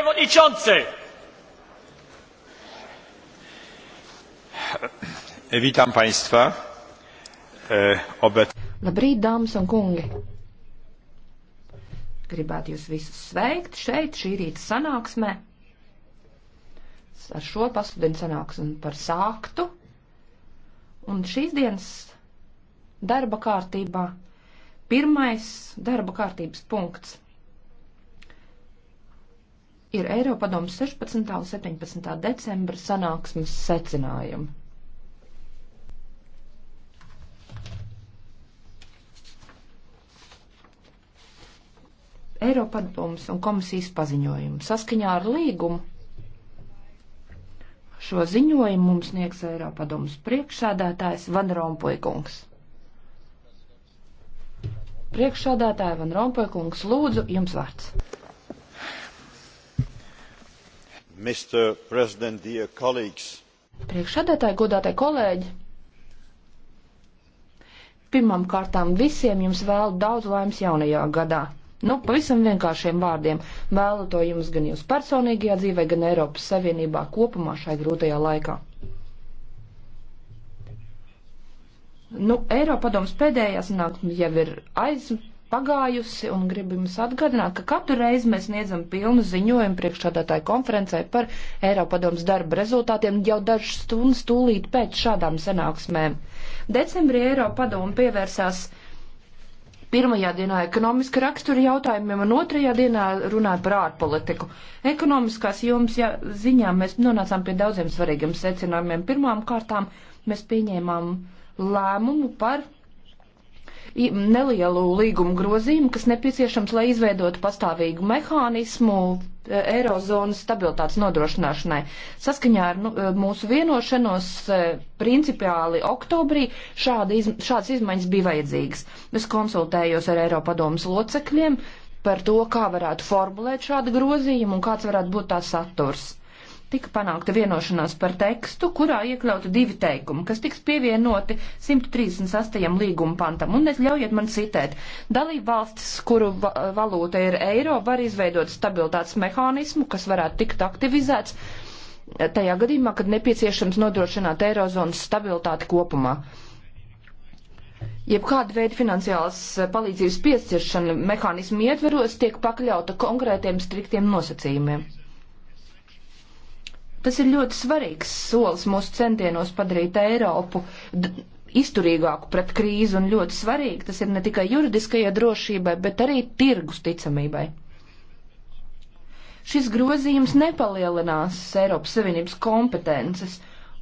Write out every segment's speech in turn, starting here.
przewodniczący! Witam Państwa. E, Obet... Labrīt, dāmas un kungi! Gribētu jūs visus sveikt šeit, šī rīta sanāksmē. Ar šo pasludinu sanāksmi par sāktu. Un šīs dienas darba kārtībā pirmais darba kārtības punkts ir Eiropadomas 16. un 17. decembra sanāksmes secinājumi. Eiropadomas un komisijas paziņojumu. Saskaņā ar līgumu šo ziņojumu mums sniegs Eiropadomas priekšsēdētājs Van Rompuikungs. Priekšsādātāja Van Rompuikungs, lūdzu, jums vārds. Priekšsēdētāji, godātie kolēģi! Pirmām kārtām visiem jums vēlu daudz laimes jaunajā gadā. Nu, pavisam vienkāršiem vārdiem vēlu to jums gan jūs personīgajā dzīvē, gan Eiropas Savienībā kopumā šai grūtajā laikā. Nu, Eiropadoms pēdējā sanāksme jau ir aiz, pagājusi un gribu jums atgādināt, ka katru reizi mēs niedzam pilnu ziņojumu priekšādātāju konferencē par Eiropadomas darba rezultātiem jau dažas stundas tūlīt pēc šādām sanāksmēm. Decembrī Eiropadoma pievērsās pirmajā dienā ekonomiska rakstura jautājumiem, un otrajā dienā runāja par ārpolitiku. Ekonomiskās jums ja, ziņā mēs nonācām pie daudziem svarīgiem secinājumiem. Pirmām kārtām mēs pieņēmām lēmumu par nelielu līgumu grozījumu, kas nepieciešams, lai izveidotu pastāvīgu mehānismu e, Eirozonas stabilitātes nodrošināšanai. Saskaņā ar nu, e, mūsu vienošanos e, principiāli oktobrī šāda iz, šādas izmaiņas bija vajadzīgas. Es konsultējos ar Eiropadomas locekļiem par to, kā varētu formulēt šādu grozījumu un kāds varētu būt tā saturs tika panākta vienošanās par tekstu, kurā iekļautu divi teikumi, kas tiks pievienoti 138. līguma pantam. Un ļaujiet man citēt. Dalība valstis, kuru valūta ir eiro, var izveidot stabilitātes mehānismu, kas varētu tikt aktivizēts tajā gadījumā, kad nepieciešams nodrošināt eirozonas stabilitāti kopumā. Jebkāda veida finansiālas palīdzības piešķiršana mehānismu ietveros tiek pakļauta konkrētiem striktiem nosacījumiem. Tas ir ļoti svarīgs solis mūsu centienos padarīt Eiropu izturīgāku pret krīzi un ļoti svarīgi tas ir ne tikai juridiskajai drošībai, bet arī tirgus ticamībai. Šis grozījums nepalielinās Eiropas Savienības kompetences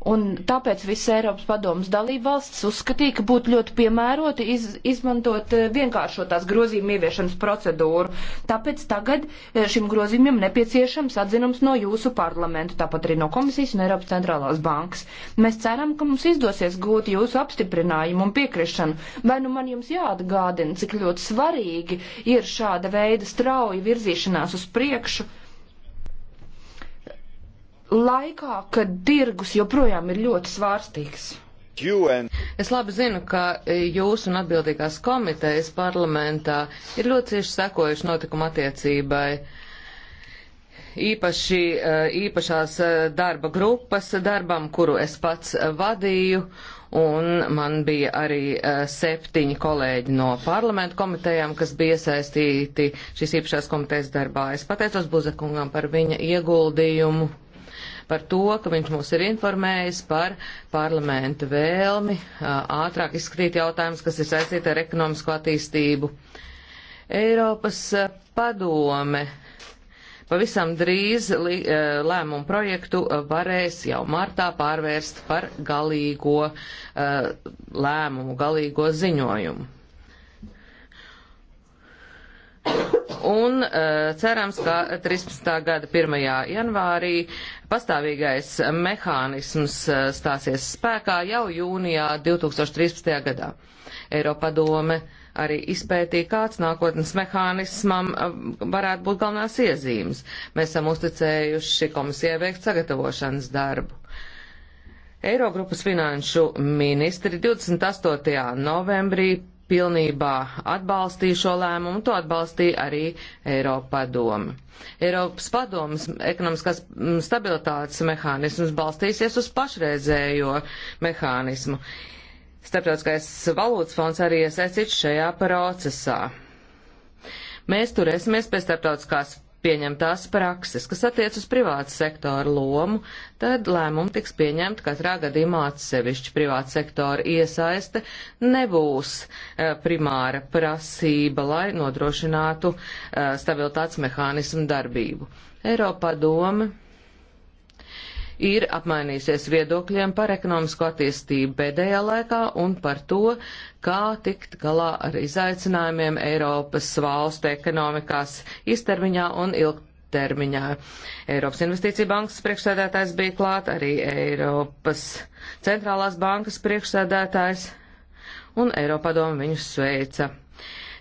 Un tāpēc visas Eiropas padomas dalība valsts uzskatīja, ka būtu ļoti piemēroti iz, izmantot eh, vienkāršotās grozījuma ieviešanas procedūru. Tāpēc tagad eh, šim grozījumam nepieciešams atzinums no jūsu parlamentu, tāpat arī no komisijas un Eiropas centrālās bankas. Mēs ceram, ka mums izdosies gūt jūsu apstiprinājumu un piekrišanu. Vai nu man jums jāatgādina, cik ļoti svarīgi ir šāda veida strauja virzīšanās uz priekšu? laikā, kad tirgus joprojām ir ļoti svārstīgs. Es labi zinu, ka jūs un atbildīgās komitejas parlamentā ir ļoti cieši sekojuši notikuma attiecībai. Īpaši eh, īpašās eh, darba grupas darbam, kuru es pats eh, vadīju, un man bija arī septiņi kolēģi no parlamentu komitejām, kas bija iesaistīti šīs īpašās komitejas darbā. Es pateicos Buzekungam par viņa ieguldījumu par to, ka viņš mūs ir informējis par parlamenta vēlmi ātrāk izskatīt jautājumus, kas ir saistīti ar ekonomisko attīstību. Eiropas padome pavisam drīz lēmumu projektu varēs jau martā pārvērst par galīgo lēmumu, galīgo ziņojumu. Un uh, cerams, ka 13. gada 1. janvārī pastāvīgais mehānisms uh, stāsies spēkā jau jūnijā 2013. gadā. Eiropadome arī izpētīja, kāds nākotnes mehānismam eh, varētu būt galvenās iezīmes. Mēs esam uzticējuši komisijai veikt sagatavošanas darbu. Eirogrupas finanšu ministri 28. novembrī pilnībā atbalstīja šo lēmumu, to atbalstīja arī Eiropa padomi. Eiropas padomas ekonomiskās mm, stabilitātes mehānisms balstīsies uz pašreizējo mehānismu. Starptautiskais valūtas fonds arī iesaistīts šajā procesā. Mēs turēsimies pie starptautiskās pieņemtās prakses, kas attiec uz privātu sektoru lomu, tad lēmumi tiks pieņemti katrā gadījumā atsevišķi. Privāta sektora iesaiste nebūs e, primāra prasība, lai nodrošinātu e, stabilitātes mehānismu darbību. Eiropa doma ir apmainīsies viedokļiem par ekonomisko attīstību pēdējā laikā un par to, kā tikt galā ar izaicinājumiem Eiropas valstu ekonomikās īstermiņā un ilgtermiņā. Eiropas Investīcija bankas priekšsēdētājs bija klāt, arī Eiropas centrālās bankas priekšsēdētājs un Eiropadoma viņus sveica.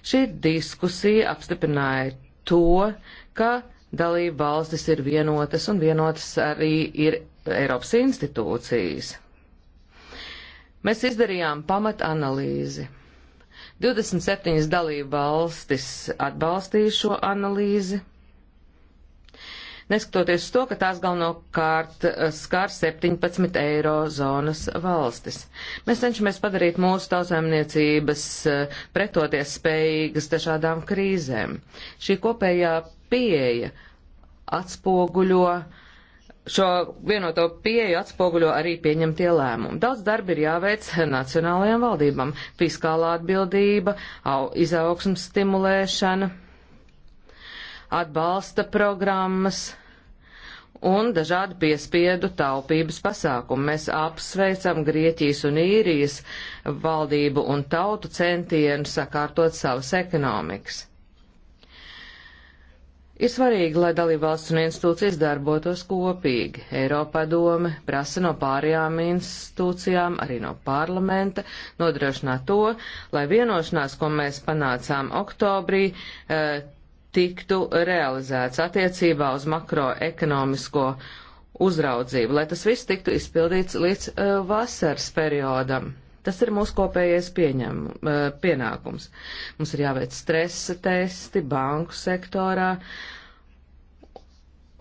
Šī diskusija apstiprināja to, ka dalība valstis ir vienotas un vienotas arī ir Eiropas institūcijas. Mēs izdarījām pamat analīzi. 27 dalība valstis atbalstīja šo analīzi, neskatoties uz to, ka tās galvenokārt eh, skar 17 eirozonas valstis. Mēs cenšamies padarīt mūsu tautsēmniecības eh, pretoties spējīgas dažādām krīzēm. Šī kopējā pieeja atspoguļo šo vienoto pieeju atspoguļo arī pieņemtie lēmumi. Daudz darba ir jāveic nacionālajām valdībām - fiskālā atbildība, izaugsmas stimulēšana, atbalsta programmas un dažādi piespiedu taupības pasākumi. Mēs apsveicam Grieķijas un īrijas valdību un tautu centienu sakārtot savas ekonomikas. Ir svarīgi, lai dalībvalsts un institūcijas darbotos kopīgi. Eiropā doma prasa no pārējām institūcijām, arī no parlamenta, nodrošināt to, lai vienošanās, ko mēs panācām oktobrī, eh, tiktu realizēts attiecībā uz makroekonomisko uzraudzību, lai tas viss tiktu izpildīts līdz eh, vasaras periodam. Tas ir mūsu kopējais pieņem, eh, pienākums. Mums ir jāveic stresa testi banku sektorā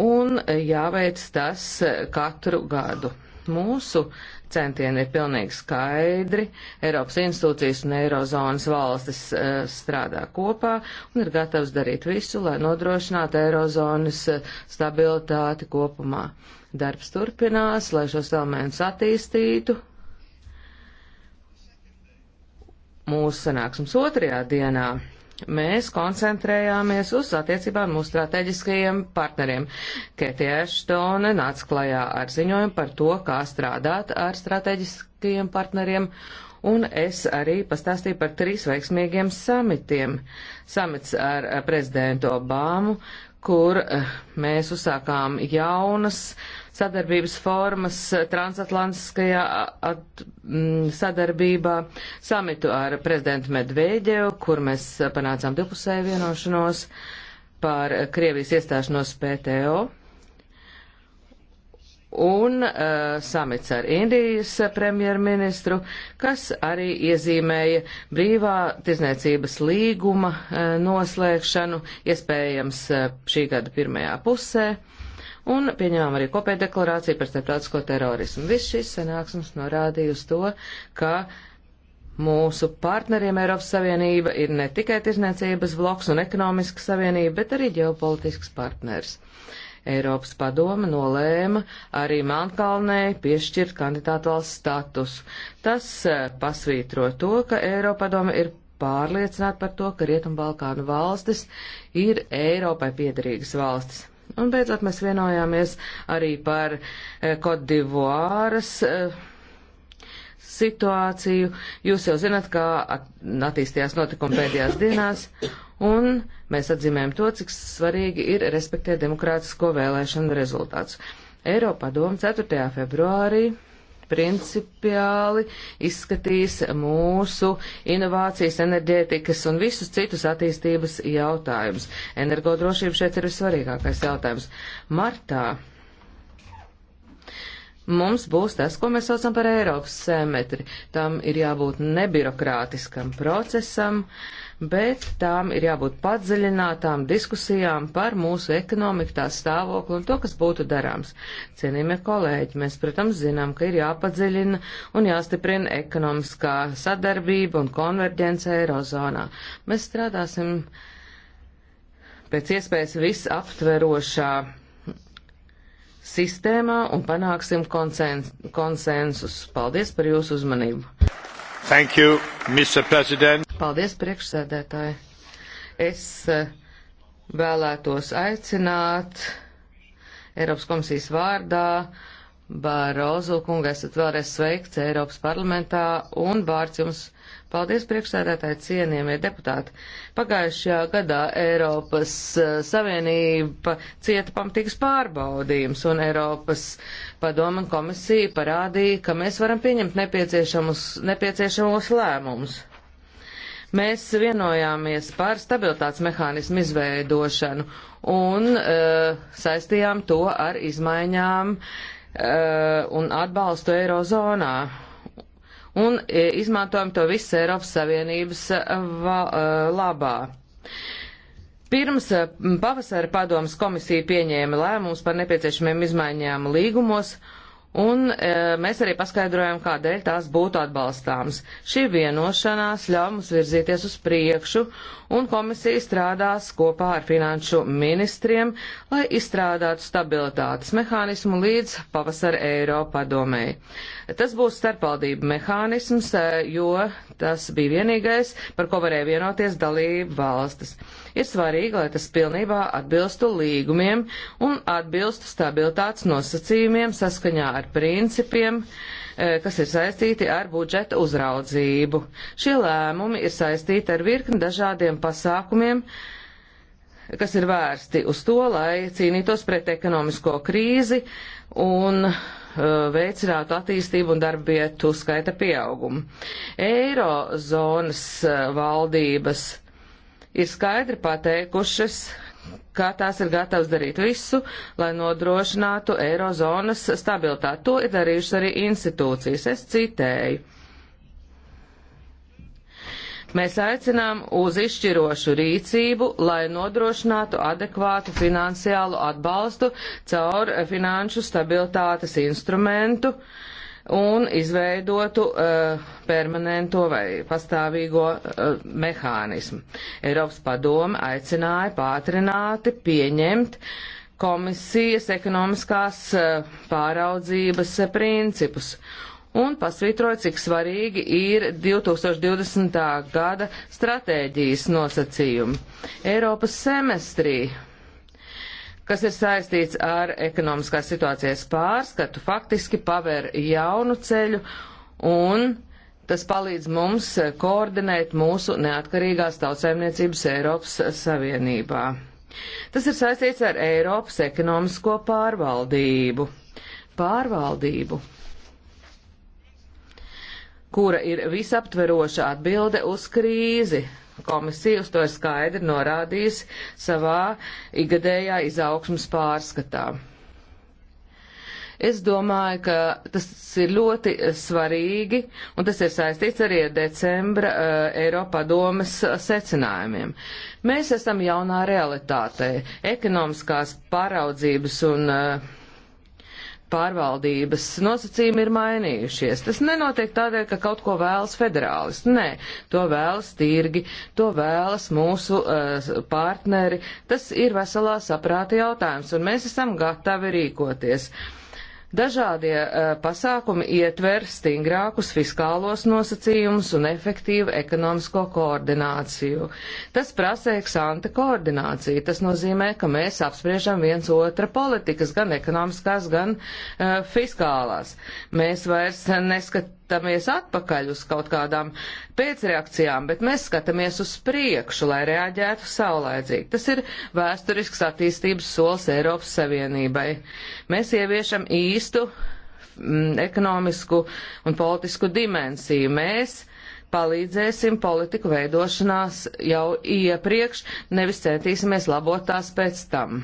un jāveic tas eh, katru gadu. Mūsu centieni ir pilnīgi skaidri. Eiropas institūcijas un Eirozonas valstis eh, strādā kopā un ir gatavs darīt visu, lai nodrošinātu Eirozonas stabilitāti kopumā. Darbs turpinās, lai šos elementus attīstītu Mūsu sanāksmes otrajā dienā mēs koncentrējāmies uz attiecībām mūsu strateģiskajiem partneriem. Ketija Štone nāca klajā ar ziņojumu par to, kā strādāt ar strateģiskajiem partneriem un es arī pastāstīju par trīs veiksmīgiem samitiem. Samits ar eh, prezidentu Obāmu, kur eh, mēs uzsākām jaunas sadarbības formas transatlantiskajā at, m, mm, sadarbībā, samitu ar prezidentu Medvēģevu, kur mēs panācām divpusēju vienošanos par Krievijas iestāšanos PTO un uh, samits ar Indijas premjerministru, kas arī iezīmēja brīvā tirzniecības līguma uh, noslēgšanu, iespējams uh, šī gada pirmajā pusē, un pieņēmām arī kopēju deklarāciju par starptautisko terorismu. Viss šis sanāksmes norādīja uz to, ka Mūsu partneriem Eiropas Savienība ir ne tikai tirzniecības bloks un ekonomiska savienība, bet arī ģeopolitisks partners. Eiropas padoma nolēma arī Mankalnē piešķirt kandidātu valsts statusu. Tas e, pasvītro to, ka Eiropa padoma ir pārliecināta par to, ka Rietumbalkānu valstis ir Eiropai piederīgas valstis. Un beidzot mēs vienojāmies arī par Kodivuāras. E, eh, situāciju. Jūs jau zināt, kā attīstījās notikumi pēdējās dienās, un mēs atzīmējam to, cik svarīgi ir respektēt demokrātisko vēlēšanu rezultātus. Eiropā doma 4. februārī principiāli izskatīs mūsu inovācijas, enerģētikas un visus citus attīstības jautājumus. Energodrošība šeit ir vissvarīgākais jautājums. Martā mums būs tas, ko mēs saucam par Eiropas semetri. Tam ir jābūt nebirokrātiskam procesam. Uh, bet tām ir jābūt padziļinātām diskusijām par mūsu ekonomiku, tās stāvokli un to, kas būtu darāms. Cienījamie kolēģi, mēs, protams, zinām, ka ir jāpadziļina un jāstiprina ekonomiskā sadarbība un konverģence Eirozonā. Mēs strādāsim pēc iespējas visaptverošā sistēmā un panāksim konsens, konsensus. Paldies par jūsu uzmanību. Thank you, Mr. President. Paldies, priekšsēdētāji. Es eh, vēlētos aicināt Eiropas komisijas vārdā Barozu kungu. Esat vēlreiz sveikts Eiropas parlamentā un vārds jums. Paldies, priekšsēdētāji, cienījamie deputāti. Pagājušajā gadā Eiropas eh, Savienība cieta pamatīgs pārbaudījums, un Eiropas padoma komisija parādīja, ka mēs varam pieņemt nepieciešamos, nepieciešamos lēmumus Mēs vienojāmies par stabilitātes mehānismu izveidošanu un uh, saistījām to ar izmaiņām uh, un atbalstu eirozonā. Un uh, izmantojam to visu Eiropas Savienības va, uh, labā. Pirms pavasara padomas komisija pieņēma lēmumus par nepieciešamiem izmaiņām līgumos, uh, un e, mēs arī paskaidrojam, kādēļ tās būtu atbalstāmas. Šī vienošanās ļauj mums virzīties uz priekšu, un komisija strādās kopā ar finanšu ministriem, lai izstrādātu stabilitātes mehānismu līdz pavasara Eiropa domēji. Tas būs starpvaldību mehānisms, e, jo tas bija vienīgais, par ko varēja vienoties dalību valstis ir svarīgi, lai tas pilnībā atbilstu līgumiem un atbilstu stabilitātes nosacījumiem saskaņā ar principiem, eh, kas ir saistīti ar budžeta uzraudzību. Šie lēmumi ir saistīti ar virkni dažādiem pasākumiem, kas ir vērsti uz to, lai cīnītos pret ekonomisko krīzi un eh, veicinātu attīstību un darbvietu skaita pieaugumu. Eirozonas eh, valdības ir skaidri pateikušas, ka tās ir gatavas darīt visu, lai nodrošinātu eirozonas stabilitāti. To ir darījušas arī institūcijas. Es citēju. Mēs aicinām uz izšķirošu rīcību, lai nodrošinātu adekvātu finansiālu atbalstu caur finanšu stabilitātes instrumentu, uh, un izveidotu uh, permanento vai pastāvīgo uh, mehānismu. Eiropas padome aicināja pātrināti pieņemt komisijas ekonomiskās uh, pāraudzības principus un pasvītroja, cik svarīgi ir 2020. gada stratēģijas nosacījumi. Eiropas semestrī kas ir saistīts ar ekonomiskās situācijas pārskatu, faktiski paver jaunu ceļu un tas palīdz mums koordinēt mūsu neatkarīgās tautsēmniecības Eiropas Savienībā. Tas ir saistīts ar Eiropas ekonomisko pārvaldību. Pārvaldību kura ir visaptveroša atbilde uz krīzi, Komisija uz to ir skaidri norādījusi savā igadējā izaugsmas pārskatā. Es domāju, ka tas ir ļoti eh, svarīgi, un tas ir saistīts arī ar decembra uh, eh, Eiropa domas eh, secinājumiem. Mēs esam jaunā realitātē. Ekonomiskās paraudzības un uh, pārvaldības nosacījumi ir mainījušies. Tas nenotiek tādēļ, ka kaut ko vēlas federālisti. Nē, to vēlas tirgi, to vēlas mūsu uh, partneri. Tas ir veselā saprāta jautājums, un mēs esam gatavi rīkoties. Uh, Dažādie uh, pasākumi ietver stingrākus fiskālos nosacījumus un efektīvu ekonomisko koordināciju. Tas prasa eksante koordināciju. Tas nozīmē, ka mēs apspriežam viens otra politikas, gan ekonomiskās, gan uh, fiskālās. Mēs vairs neskat skatāmies atpakaļ uz kaut kādām pēcreakcijām, bet mēs skatāmies uz priekšu, lai reaģētu saulēdzīgi. Tas ir vēsturisks attīstības solis Eiropas Savienībai. Mēs ieviešam īstu mm, ekonomisku un politisku dimensiju. Mēs palīdzēsim politiku veidošanās jau iepriekš, nevis centīsimies labot tās pēc tam.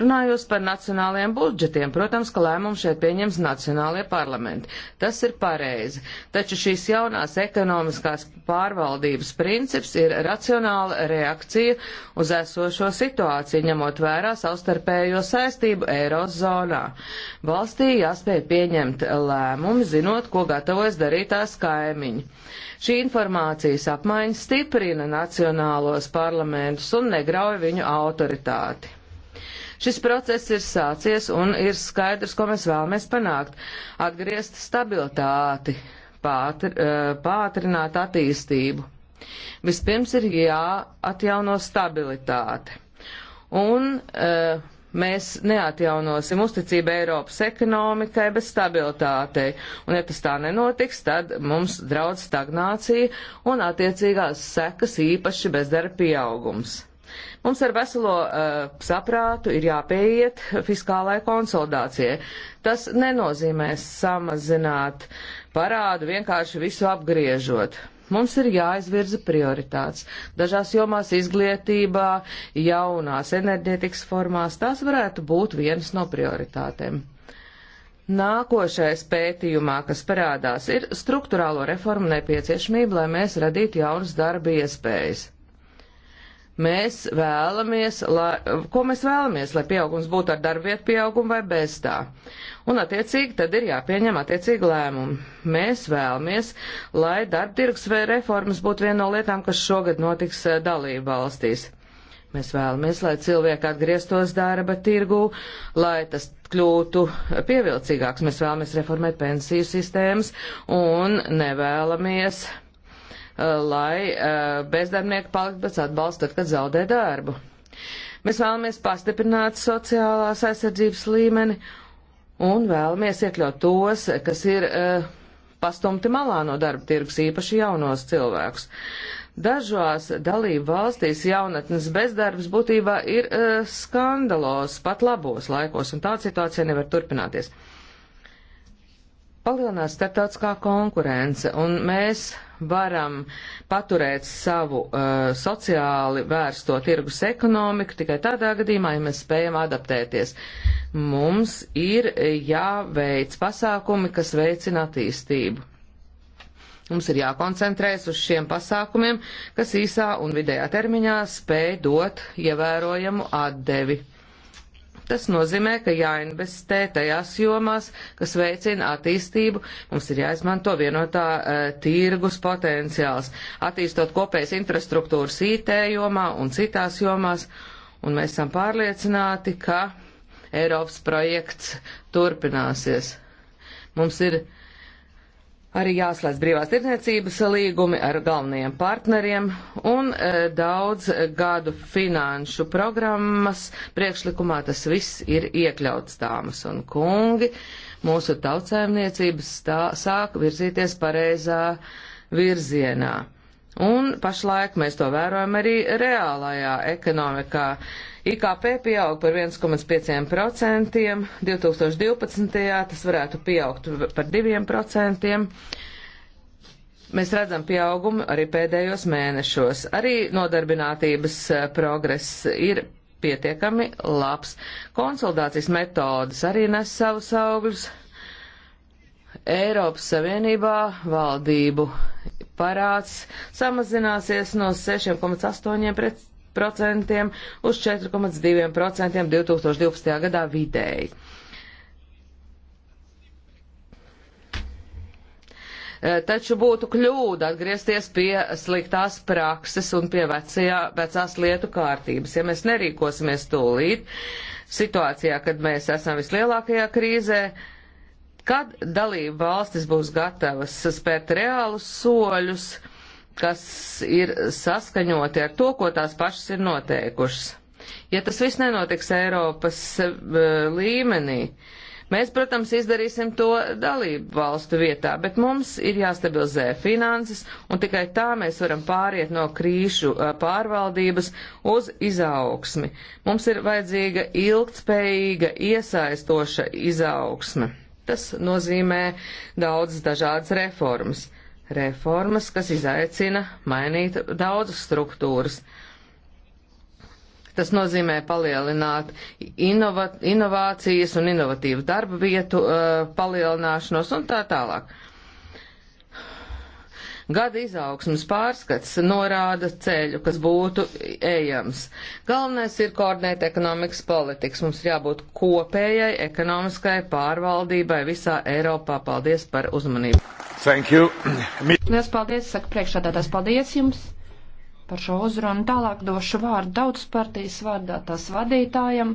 Runājot par nacionālajiem budžetiem, protams, ka lēmumu šeit pieņems nacionālajie parlamenti. Tas ir pareizi. Taču šīs jaunās ekonomiskās pārvaldības princips ir racionāla reakcija uz esošo situāciju, ņemot vērā savstarpējo saistību Eirozonā. Valstī jāspēj pieņemt lēmumi, zinot, ko gatavojas darīt tās kaimiņi. Šī informācijas apmaiņa stiprina nacionālos parlamentus un negrauj viņu autoritāti. Šis process ir sācies un ir skaidrs, ko mēs vēlamies panākt - atgriezt stabilitāti, pātr, eh, pātrināt attīstību. Vispirms ir jāatjauno stabilitāte. Un uh, mēs neatjaunosim uzticību Eiropas ekonomikai bez stabilitātei. Un ja tas tā nenotiks, tad mums draudz stagnācija un attiecīgās sekas īpaši bezdara pieaugums. Mums ar veselo uh, saprātu ir jāpieiet fiskālai konsolidācijai. Tas nenozīmē samazināt parādu, vienkārši visu apgriežot. Mums ir jāizvirza prioritātes. Dažās jomās izglītībā, jaunās enerģētikas formās tās varētu būt vienas no prioritātēm. Nākošais pētījumā, kas parādās, ir struktūrālo reformu nepieciešamība, lai mēs radītu jaunas darba iespējas mēs vēlamies, lai, ko mēs vēlamies, lai pieaugums būtu ar darbvietu pieaugumu vai bez tā. Un attiecīgi tad ir jāpieņem attiecīgi lēmumi. Mēs vēlamies, lai darba tirgs vai reformas būtu viena no lietām, kas šogad notiks eh, dalību valstīs. Mēs vēlamies, lai cilvēki atgrieztos darba tirgū, lai tas kļūtu pievilcīgāks. Mēs vēlamies reformēt pensiju sistēmas un nevēlamies uh, Uh, lai uh, bezdarbnieki paliktu bez atbalsta, tad, kad zaudē darbu. Mēs vēlamies pastiprināt sociālās aizsardzības līmeni un vēlamies iekļaut tos, kas ir uh, pastumti malā no darba tirgus, īpaši jaunos cilvēkus. Dažās dalību valstīs jaunatnes bezdarbs būtībā ir uh, skandalos pat labos laikos, un tā situācija nevar turpināties. Palielinās starptautiskā konkurence, un mēs varam paturēt savu uh, sociāli vērsto tirgus ekonomiku tikai tādā gadījumā, ja mēs spējam adaptēties. Mums ir jāveic pasākumi, kas veicina attīstību. Mums ir jākoncentrēs uz šiem pasākumiem, kas īsā un vidējā termiņā spēj dot ievērojamu atdevi. Tas nozīmē, ka jāinvestē tajās jomās, kas veicina attīstību. Mums ir jāizmanto vienotā uh, tirgus potenciāls, attīstot kopējas infrastruktūras IT jomā un citās jomās. Un mēs esam pārliecināti, ka Eiropas projekts turpināsies. Mums ir uh, arī jāslēdz brīvās tirdzniecības līgumi ar galvenajiem partneriem un e, daudz gadu finanšu programmas priekšlikumā tas viss ir iekļauts dāmas un kungi. Mūsu tautsēmniecības stā, sāk virzīties pareizā virzienā. Un pašlaik mēs to vērojam arī reālajā ekonomikā. IKP pieaug par 1,5%, 2012. tas varētu pieaugt par 2%. Mēs redzam pieaugumu arī pēdējos mēnešos. Arī nodarbinātības eh, progress ir pietiekami labs. Konsultācijas metodas arī nes savus augļus. Eiropas Savienībā valdību parāds samazināsies no 6,8 pret 4% uz 4,2% 2012. gadā vidēji. E, taču būtu kļūda atgriezties pie sliktās prakses un pie vecajā, vecās lietu kārtības. Ja mēs nerīkosimies tūlīt, situācijā, kad mēs esam vislielākajā krīzē, kad dalība valstis būs gatavas spērt reālus soļus, kas ir saskaņoti ar to, ko tās pašas ir noteikušas. Ja tas viss nenotiks Eiropas uh, līmenī, mēs, protams, izdarīsim to dalību valstu vietā, bet mums ir jāstabilizē finanses, un tikai tā mēs varam pāriet no krīšu uh, eh, pārvaldības uz izaugsmi. Mums ir vajadzīga ilgtspējīga, iesaistoša izaugsme. Tas nozīmē daudzas dažādas reformas reformas, kas izaicina mainīt daudzas struktūras. Tas nozīmē palielināt inova, inovācijas un inovatīvu darba vietu uh, palielināšanos un tā tālāk. Gada izaugsmas pārskats norāda ceļu, kas būtu ejams. Galvenais ir koordinēt ekonomikas politikas. Mums jābūt kopējai ekonomiskai pārvaldībai visā Eiropā. Paldies par uzmanību. Thank you. Liels paldies, saka priekšādātās paldies jums par šo uzrunu. Tālāk došu vārdu daudz partijas vārdā tās vadītājam,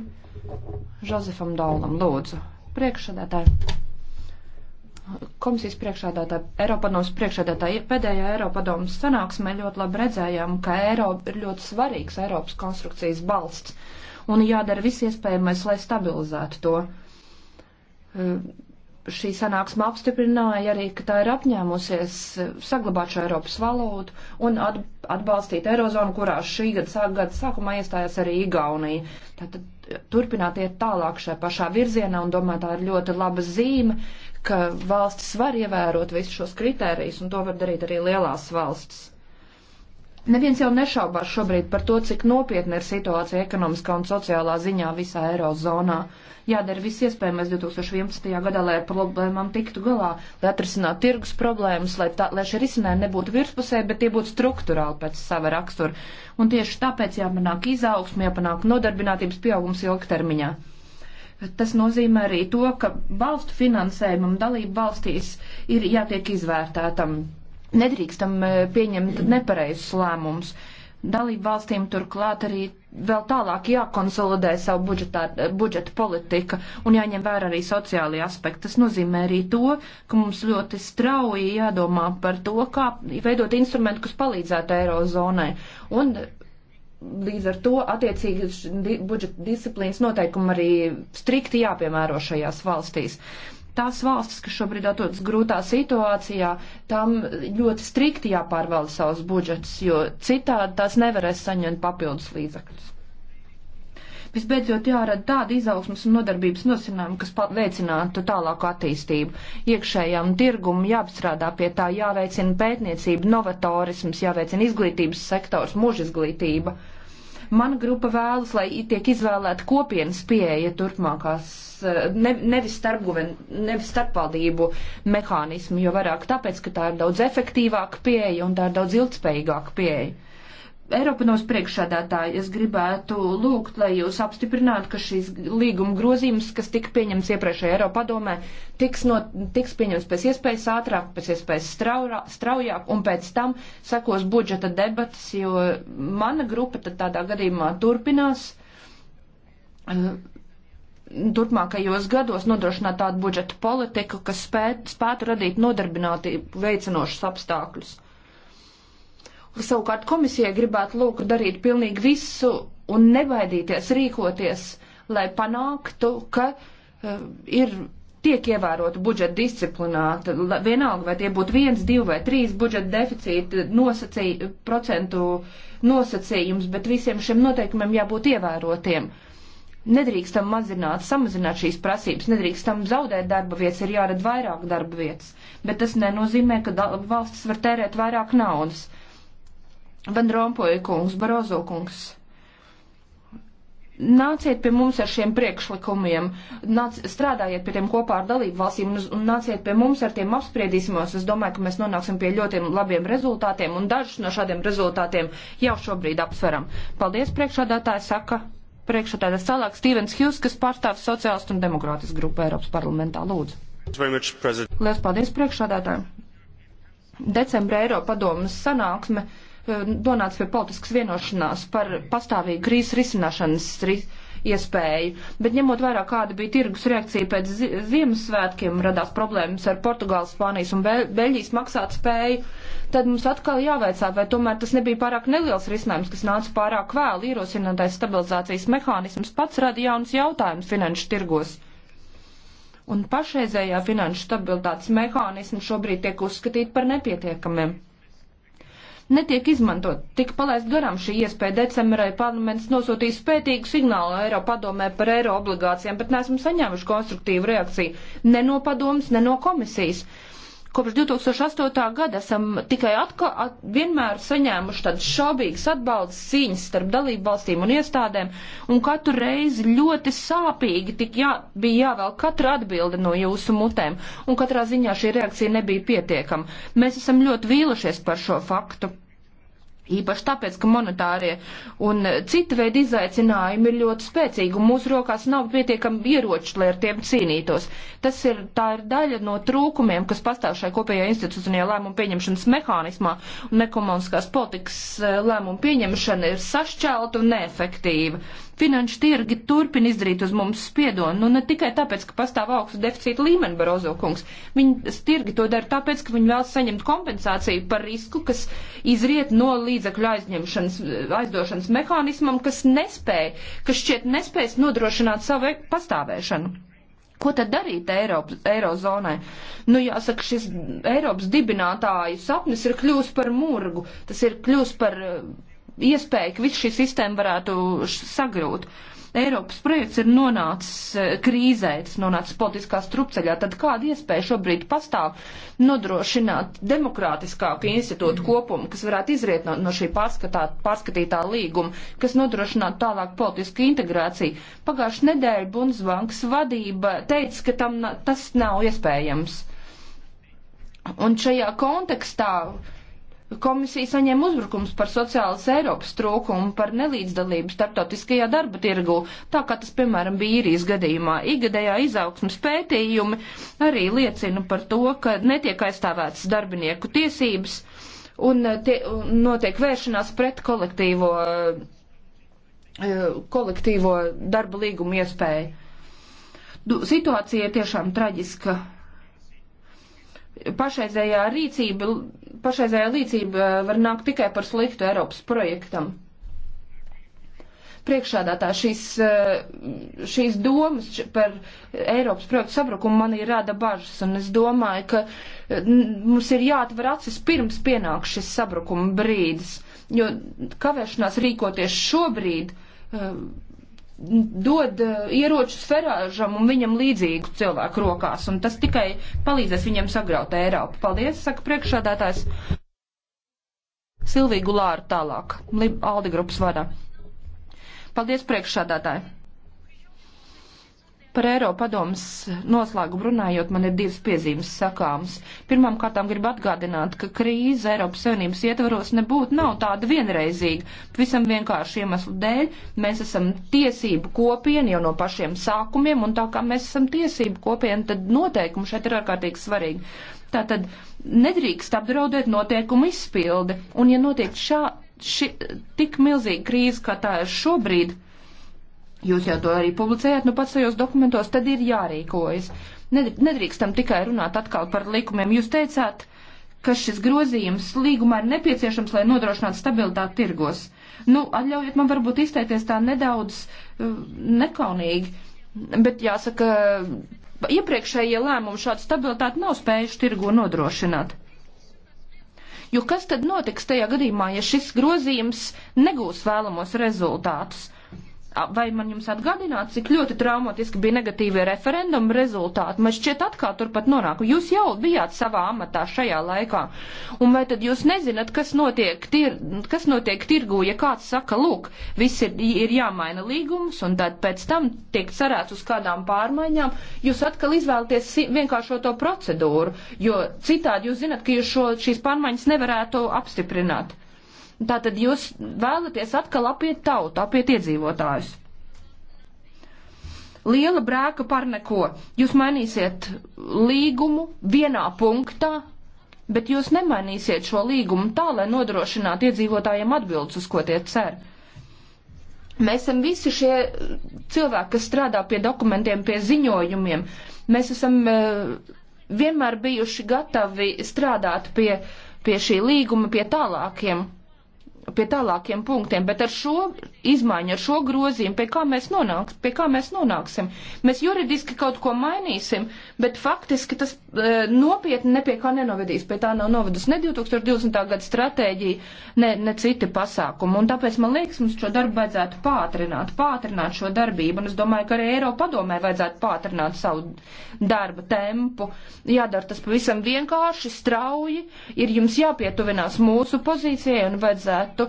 Žozefam Daulam. Lūdzu, priekšādātāji komisijas priekšādātāja, Eiropadomas priekšādātāja pēdējā Eiropadomas sanāksmē ļoti labi redzējām, ka Eiropa ir ļoti svarīgs Eiropas konstrukcijas balsts un jādara viss iespējamais, lai stabilizētu to. Eh, šī sanāksme apstiprināja arī, ka tā ir apņēmusies eh, saglabāt šo Eiropas valūtu un atbalstīt Eirozonu, kurā šī gada, gada sākumā iestājās arī Igaunija. Tātad eh, turpināt iet tālāk šajā pašā virzienā un domāju, tā ir ļoti laba zīme ka valstis var ievērot visus šos kritērijus, un to var darīt arī lielās valstis. Neviens jau nešaubās šobrīd par to, cik nopietna ir situācija ekonomiskā un sociālā ziņā visā Eirozonā. Jādara viss iespējamais 2011. gadā, lai ar problēmām tiktu galā, lai atrisinātu tirgus problēmas, lai, tā, lai šie risinājumi nebūtu virspusē, bet tie būtu struktūrāli pēc sava rakstura. Un tieši tāpēc jāpanāk izaugsme, jāpanāk nodarbinātības pieaugums ilgtermiņā. Tas nozīmē arī to, ka valstu finansējumam dalību valstīs ir jātiek izvērtētam. Nedrīkstam e, pieņemt nepareizus lēmumus. Dalību valstīm turklāt arī vēl tālāk jākonsolidē savu budžetā, budžeta politika un jāņem vērā arī sociālajie aspekti. Tas nozīmē arī to, ka mums ļoti strauji jādomā par to, kā veidot instrumentu, kas palīdzētu Eirozonai. Un līdz ar to attiecīgas budžeta disciplīnas noteikumi arī strikti jāpiemēro šajās valstīs. Tās valstis, kas šobrīd atrodas grūtā situācijā, tam ļoti strikti jāpārvalda savus budžetus, jo citādi tās nevarēs saņemt papildus līdzekļus. Visbeidzot, jārada tāda izaugsmas un nodarbības nosinājuma, kas veicinātu tālāku attīstību. Iekšējām tirgumu jāapstrādā pie tā, jāveicina pētniecība, novatorisms, jāveicina izglītības sektors, mūža izglītība. Uh, Mana grupa vēlas, lai tiek izvēlēta kopienas pieeja turpmākās, eh, ne, nevis, starpguven, nevis starpvaldību mehānismu, jo vairāk tāpēc, ka tā ir daudz efektīvāka pieeja un tā ir daudz ilgspējīgāka pieeja. Eiropanos priekšādātāji, es gribētu lūgt, lai jūs apstiprinātu, ka šīs līguma grozījums, kas tika pieņems iepriekšējā Eiropadomē, tiks, no, tiks pieņems pēc iespējas ātrāk, pēc iespējas straurā, straujāk, un pēc tam sekos budžeta debatas, jo mana grupa tad tādā gadījumā turpinās. Uh, turpmākajos gados nodrošināt tādu budžeta politiku, kas spētu, spētu radīt nodarbinātību veicinošus apstākļus. Savukārt komisijai gribētu lūgt darīt pilnīgi visu un nebaidīties rīkoties, lai panāktu, ka uh, ir tiek ievērota budžeta disciplināta, vienalga vai tie būtu viens, divi vai trīs budžeta deficīta nosacī, procentu nosacījums, bet visiem šiem noteikumiem jābūt ievērotiem. Nedrīkstam mazināt, samazināt šīs prasības, nedrīkstam zaudēt darba vietas, ir jārada vairāk darba vietas, bet tas nenozīmē, ka valstis var tērēt vairāk naudas. Uh, Van Rompoja kungs, Barozo kungs. Nāciet pie mums ar šiem priekšlikumiem, nāc, strādājiet pie tiem kopā ar dalību valstīm un, un nāciet pie mums ar tiem apspriedīsimos. Es domāju, ka mēs nonāksim pie ļoti labiem rezultātiem un dažus no šādiem rezultātiem jau šobrīd apsveram. Paldies, priekšādātāji, saka priekšādātājs tālāk Stīvens Hjūs, kas pārstāv sociālistu un demokrātisku grupu Eiropas parlamentā. Lūdzu. Lielas paldies, priekšādātāji. Decembra Eiropa padomas sanāksme Eh, nonāca pie politiskas vienošanās par pastāvīgu krīzes risināšanas risinājumu iespēju. Bet ņemot vērā, kāda bija tirgus reakcija pēc Ziemassvētkiem, radās problēmas ar Portugāles, Spānijas un Beļģijas maksāt spēju, tad mums atkal jāveicā, vai tomēr tas nebija pārāk neliels risinājums, kas nāca pārāk vēlu. Ierosinātais stabilizācijas mehānisms pats rada jaunus jautājumus finanšu tirgos. Un pašreizējā finanšu stabilitātes mehānismu šobrīd tiek uzskatīt par nepietiekamiem netiek izmantot. Tik palaist garām šī iespēja decembrē parlaments nosūtīja spētīgu signālu Eiro padomē par eiro obligācijām, bet neesam saņēmuši konstruktīvu reakciju ne no padomas, ne no komisijas. Kopš 2008. gada esam tikai atka, at, vienmēr saņēmuši tādas šaubīgas atbaldes cīņas starp dalību valstīm un iestādēm, un katru reizi ļoti sāpīgi tik jā, bija jāvēl katra atbilde no jūsu mutēm, un katrā ziņā šī reakcija nebija pietiekama. Mēs esam ļoti vīlušies par šo faktu. Īpaši tāpēc, ka monetārie un cita veida izaicinājumi ir ļoti spēcīgi un mūsu rokās nav pietiekami ieroči, lai ar tiem cīnītos. Tas ir, tā ir daļa no trūkumiem, kas pastāv šai kopējā institucionajā lēmumu pieņemšanas mehānismā un ekonomiskās politikas eh, lēmumu pieņemšana ir sašķelta un neefektīva. Finanšu tirgi turpina izdarīt uz mums spiedonu, nu ne tikai tāpēc, ka pastāv augsts deficīta līmeni, Barozo kungs. Viņi tirgi to dara tāpēc, ka viņi vēlas saņemt kompensāciju par risku, kas izriet no līdzekļu aizņemšanas, aizdošanas mehānismam, kas nespēja, kas šķiet nespējas nodrošināt savu e- pastāvēšanu. Ko tad darīt Eiropas, Eirozonai? Nu, jāsaka, šis Eiropas dibinātāju sapnis ir kļūst par murgu, tas ir kļūst par iespēja, ka viss šī sistēma varētu sagrūt. Eiropas projekts ir nonācis e, krīzē, tas nonācis politiskā strupceļā, tad kāda iespēja šobrīd pastāv nodrošināt demokrātiskāku institūtu kopumu, kas varētu izriet no, no šī pārskatā, pārskatītā līguma, kas nodrošinātu tālāk politisku integrāciju. Pagājušajā nedēļā Bundesbankas vadība teica, ka tam, tas nav iespējams. Un šajā kontekstā uh, Komisija saņēma uzbrukums par sociālas Eiropas trūkumu, par nelīdzdalību starptautiskajā darba tirgu, tā kā tas, piemēram, bija īrijas gadījumā. Igadējā izaugsmas pētījumi arī liecina par to, ka netiek aizstāvētas darbinieku tiesības un, eh, tie, un notiek vēršanās pret kolektīvo, eh, kolektīvo darba līgumu iespēju. Situācija ir tiešām traģiska pašreizējā rīcība, pašreizējā rīcība var nākt tikai par sliktu Eiropas projektam. Priekšādātā šīs, eh, šīs domas par Eiropas projektu sabrukumu manī rada bažas, un es domāju, ka eh, mums ir jāatver acis pirms pienāk šis sabrukuma brīdis, jo kavēšanās rīkoties šobrīd eh, dod eh, ieročus Ferāžam un viņam līdzīgu cilvēku rokās, un tas tikai palīdzēs viņiem sagraut Eiropu. Paldies, saka priekšādātājs. Silvīgu Lāru tālāk, Aldi grupas vadā. Paldies priekšādātāji. Par Eiropa padomas noslēgumu runājot, man ir divas piezīmes sakāmas. Pirmām kārtām gribu atgādināt, ka krīze Eiropas Savienības ietvaros nebūtu nav tāda vienreizīga. Visam vienkārši iemeslu dēļ mēs esam tiesību kopiena jau no pašiem sākumiem, un tā kā mēs esam tiesību kopiena, tad noteikumi šeit ir ārkārtīgi svarīgi. Tātad nedrīkst apdraudēt noteikumu izpildi, un ja notiek šā, ši, tik milzīga krīze, kā tā ir šobrīd, Jūs jau to arī publicējāt, nu pats tajos dokumentos tad ir jārīkojas. Nedrīkstam tikai runāt atkal par likumiem. Jūs teicāt, ka šis grozījums līgumā ir nepieciešams, lai nodrošinātu stabilitāti tirgos. Nu, atļaujiet man varbūt izteikties tā nedaudz uh, nekaunīgi, bet jāsaka, iepriekšējie lēmumi šādu stabilitāti nav spējuši tirgu nodrošināt. Jo kas tad notiks tajā gadījumā, ja šis grozījums negūs vēlamos rezultātus? vai man jums atgādināt, cik ļoti traumatiski bija negatīvie referendumu rezultāti? Man šķiet atkal turpat nonāku. Jūs jau bijāt savā amatā šajā laikā. Un vai tad jūs nezināt, kas notiek, tir, kas notiek tirgu, ja kāds saka, lūk, viss ir, ir jāmaina līgums, un tad pēc tam tiek cerēts uz kādām pārmaiņām, jūs atkal izvēlaties vienkāršo to procedūru, jo citādi jūs zinat, ka jūs šo, šīs pārmaiņas nevarētu apstiprināt. Tātad jūs vēlaties atkal apiet tautu, apiet iedzīvotājus. Liela brēka par neko. Jūs mainīsiet līgumu vienā punktā, bet jūs nemainīsiet šo līgumu tā, lai nodrošinātu iedzīvotājiem atbildes, uz ko tie cer. Mēs esam visi šie cilvēki, kas strādā pie dokumentiem, pie ziņojumiem. Mēs esam eh, vienmēr bijuši gatavi strādāt pie, pie šī līguma, pie tālākiem pie tālākiem punktiem, bet ar šo izmaiņu, ar šo grozījumu, pie kā mēs, nonāks, pie kā mēs nonāksim. Mēs juridiski kaut ko mainīsim, bet faktiski tas e, nopietni ne pie kā nenovedīs. Pie tā nav novedus ne 2020. gada stratēģija, ne, ne citi pasākumi. Un tāpēc, man liekas, mums šo darbu vajadzētu pātrināt, pātrināt šo darbību. Un es domāju, ka arī Eiropa padomē vajadzētu pātrināt savu darba tempu. Jādara tas pavisam vienkārši, strauji. Ir jums jāpietuvinās mūsu pozīcijai un vajadzētu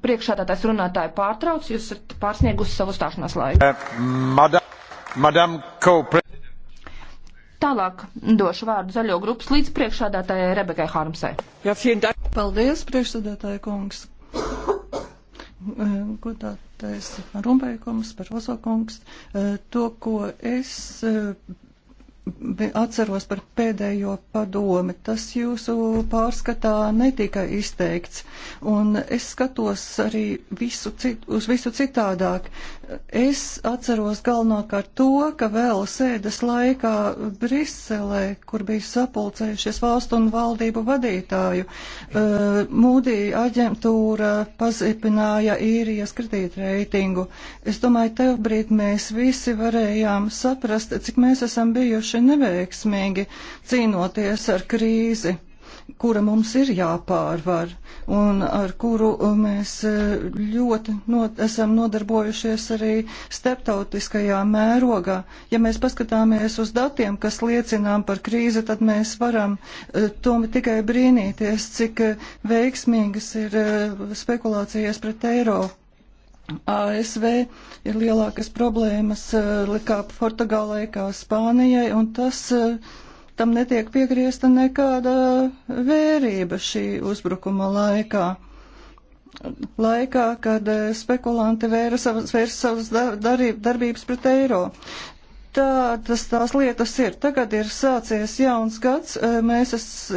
Priekšādātais runātāja pārtrauc, jūs esat pārsniegusi savu stāšanās laiku. Eh, madam, madam Tālāk došu vārdu zaļo grupas līdz priekšādātājai Rebekai Harmsai. Jā, ja, Paldies, priekšsādātāja kungs. Godātais eh, Rumbeikungs, par Ozokungs. Eh, to, ko es atceros par pēdējo padomi. Tas jūsu pārskatā netika izteikts. Un es skatos arī visu cit, uz visu citādāk. Es atceros galvenokārt to, ka vēl sēdes laikā Briselē, kur bija sapulcējušies valstu un valdību vadītāju, eh, mūdī aģentūra pazipināja īrijas kredītreitingu. Es domāju, tev brīd mēs visi varējām saprast, cik mēs esam bijuši neveiksmīgi cīnoties ar krīzi kura mums ir jāpārvar un ar kuru uh, mēs uh, ļoti not, esam nodarbojušies arī starptautiskajā mērogā. Ja mēs paskatāmies uz datiem, kas liecinām par krīzi, tad mēs varam uh, tomēr tikai brīnīties, cik veiksmīgas ir spekulācijas pret eiro. ASV ir lielākas problēmas kā Portugālei, kā Spānijai, un tas uh, Tam netiek piegriezta nekāda vērība šī uzbrukuma laikā. Laikā, kad spekulanti vēra savas, vēra savas darbības pret eiro tādas tās lietas ir. Tagad ir sācies jauns gads, e, mēs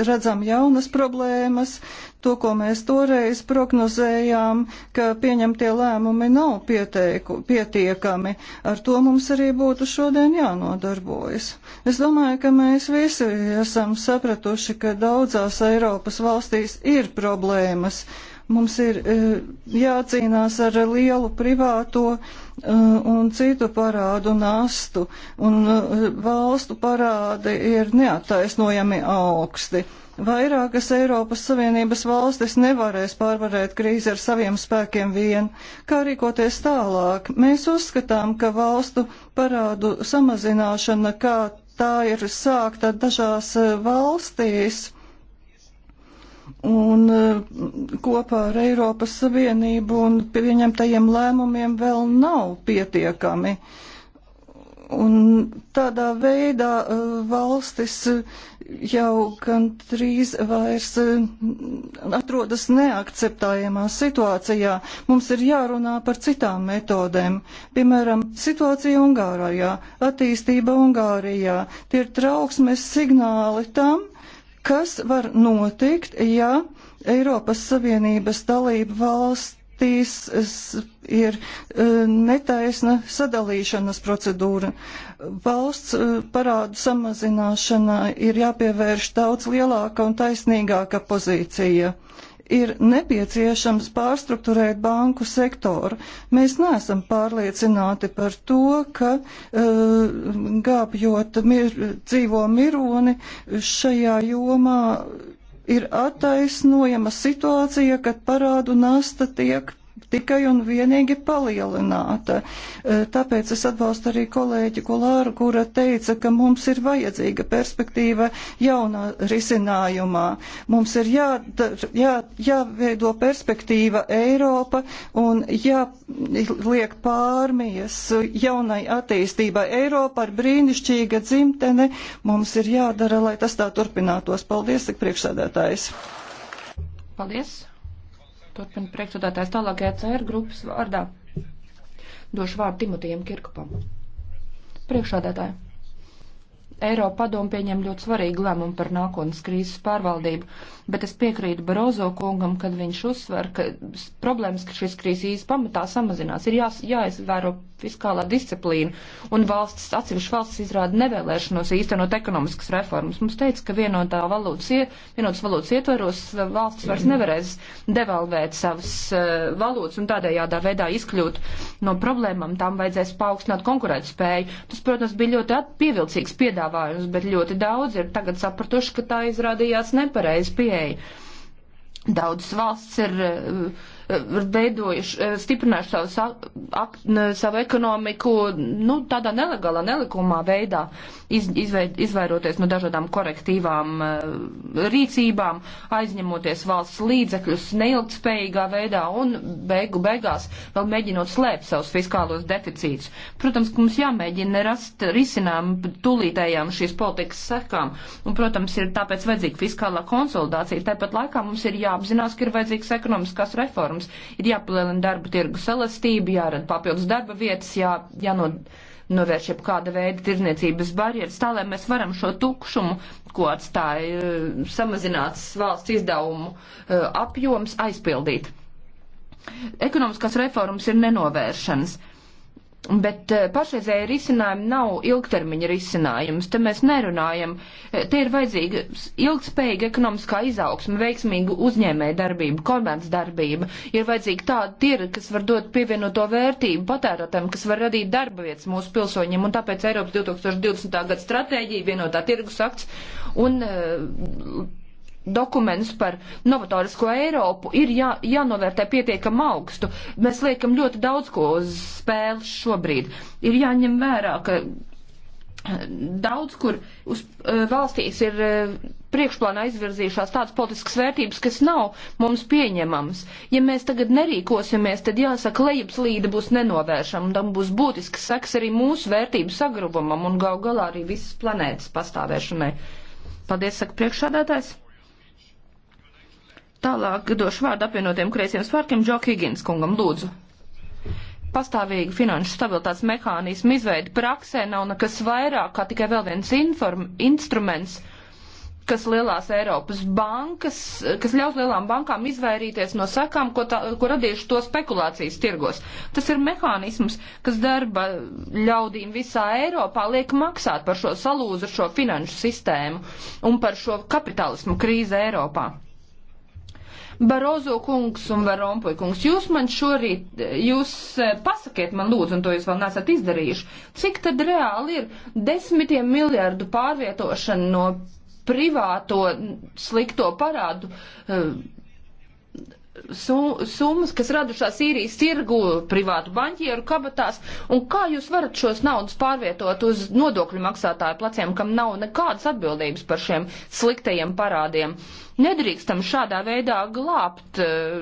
redzam jaunas problēmas, to, ko mēs toreiz prognozējām, ka pieņemtie lēmumi nav pieteiku, pietiekami. Ar to mums arī būtu šodien jānodarbojas. Es domāju, ka mēs visi esam sapratuši, ka daudzās Eiropas valstīs ir problēmas. Uh, Mums ir e, jācīnās ar lielu privāto e, un citu parādu nastu, un e, valstu parādi ir neattaisnojami augsti. Vairākas Eiropas Savienības valstis nevarēs pārvarēt krīzi ar saviem spēkiem vien. Kā rīkoties tālāk? Mēs uzskatām, ka valstu parādu samazināšana, kā tā ir sākta dažās valstīs, Un e, kopā ar Eiropas Savienību un pieņemtajiem lēmumiem vēl nav pietiekami. Un tādā veidā e, valstis jau gandrīz vairs e, atrodas neakceptējumā situācijā. Mums ir jārunā par citām metodēm. Piemēram, situācija Ungārijā, attīstība Ungārijā. Tie ir trauksmes signāli tam, Kas var notikt, ja Eiropas Savienības dalība valstīs ir e, netaisna sadalīšanas procedūra? Valsts e, parādu samazināšanā ir jāpievērš daudz lielāka un taisnīgāka pozīcija. Uh, ir nepieciešams pārstruktūrēt banku sektoru. Mēs neesam pārliecināti par to, ka eh, gāpjot mir, dzīvo mironi šajā jomā ir attaisnojama situācija, kad parādu nasta tiek tikai un vienīgi palielināta. E, tāpēc es atbalstu arī kolēģi Kolāru, kura teica, ka mums ir vajadzīga perspektīva jaunā risinājumā. Mums ir jā, jā, jāveido perspektīva Eiropa un jāliek pārmijas jaunai attīstībai. Eiropa ir brīnišķīga dzimtene. Mums ir jādara, lai tas tā turpinātos. Paldies, tik priekšsēdētājs. Paldies. Turpin priekšsādātājs tālāk ECR grupas vārdā. Došu vārdu Timotijam Kirkupam. Priekšsādātāji. Eiropa padomu pieņem ļoti svarīgu lēmumu par nākotnes krīzes pārvaldību bet es piekrītu Barozo kungam, kad viņš uzsver, ka problēmas, ka šis krīzes pamatā samazinās, ir jās, jāizvēro fiskālā disciplīna, un valsts, atsevišķi valsts izrāda nevēlēšanos īstenot ekonomiskas reformas. Mums teica, ka vienotā valūtas, vienotas valūtas ietvaros valsts vairs nevarēs devalvēt savas uh, valūtas un tādējādā veidā izkļūt no problēmām, tām vajadzēs paaugstināt konkurētspēju. Tas, protams, bija ļoti pievilcīgs piedāvājums, bet ļoti daudz ir tagad sapratuši, ka tā izrādījās nepareizi pieeja pieeja. Daudzas valsts ir eh, veidojuši, eh, stiprinājuši savu, ak, savu ekonomiku nu, tādā nelegālā, nelikumā veidā, iz, izveid, izvairoties no dažādām korektīvām eh, rīcībām, aizņemoties valsts līdzekļus neilgtspējīgā veidā un beigu beigās vēl mēģinot slēpt savus fiskālos deficītus. Protams, ka mums jāmēģina rast risinājumu tūlītējām šīs politikas sekām, un, protams, ir tāpēc vajadzīga fiskālā konsolidācija. Tāpat laikā mums ir jāapzinās, ka ir vajadzīgs ekonomiskās reformas reformas, ir jāpalielina darba tirgu salastība, jārada papildus darba vietas, jā, jānod novērš jau kāda veida tirzniecības barjeras, tā lai mēs varam šo tukšumu, ko atstāja eh, samazināts valsts izdevumu eh, apjoms, aizpildīt. Ekonomiskās reformas ir nenovēršanas. Bet eh, pašreizēji risinājumi nav ilgtermiņa risinājums. Te mēs nerunājam. Eh, te ir vajadzīga ilgspējīga ekonomiskā izaugsme, veiksmīga uzņēmēja darbība, komerc darbība. Ir vajadzīga tāda tira, kas var dot pievienoto vērtību patērotēm, kas var radīt darba vietas mūsu pilsoņiem. Un tāpēc Eiropas 2020. gada stratēģija, vienotā tirgus akts un eh, dokumentus par novatorisko Eiropu ir jā, jānovērtē pietiekam augstu. Mēs liekam ļoti daudz ko uz spēles šobrīd. Ir jāņem vērā, ka eh, daudz kur uz, eh, valstīs ir eh, priekšplānā izvirzījušās tādas politiskas vērtības, kas nav mums pieņemamas. Ja mēs tagad nerīkosimies, tad jāsaka, lejupslīde būs nenovēršama, un tam būs būtisks seks arī mūsu vērtību sagrubumam un gal galā arī visas planētas pastāvēšanai. Paldies, saka priekšādātājs. Tālāk došu vārdu apvienotiem kreisiem svārkiem Džo Higgins kungam. Lūdzu. Pastāvīgi finanšu stabilitātes mehānismu izveidi praksē nav nekas vairāk kā tikai vēl viens inform, instruments, kas lielās Eiropas bankas, kas ļaus lielām bankām izvairīties no sekām, ko, tā, ko radīšu to spekulācijas tirgos. Tas ir mehānisms, kas darba ļaudīm visā Eiropā liek maksāt par šo salūzušo finanšu sistēmu un par šo kapitālismu krīzi Eiropā. Barozo kungs un Varompoja kungs, jūs man šorīt, jūs eh, pasakiet man lūdzu, un to jūs vēl nesat izdarījuši, cik tad reāli ir desmitiem miljārdu pārvietošana no privāto slikto parādu eh, summas, kas radušās īrijas tirgu privātu banķieru kabatās, un kā jūs varat šos naudas pārvietot uz nodokļu maksātāju pleciem, kam nav nekādas atbildības par šiem sliktajiem parādiem? Uh, Nedrīkstam šādā veidā glābt eh,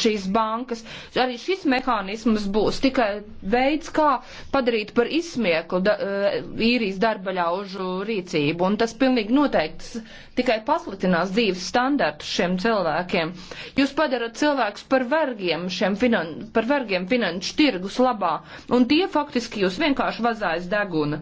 šīs bankas. Arī šis mehānisms būs tikai veids, kā padarīt par izsmieklu da, eh, īrijas darbaļaužu rīcību. Un tas pilnīgi noteikti tikai pasliktinās dzīves standartus šiem cilvēkiem. Jūs padarat cilvēkus par vergiem, finan, par vergiem finanšu tirgus labā, un tie faktiski jūs vienkārši vazājas deguna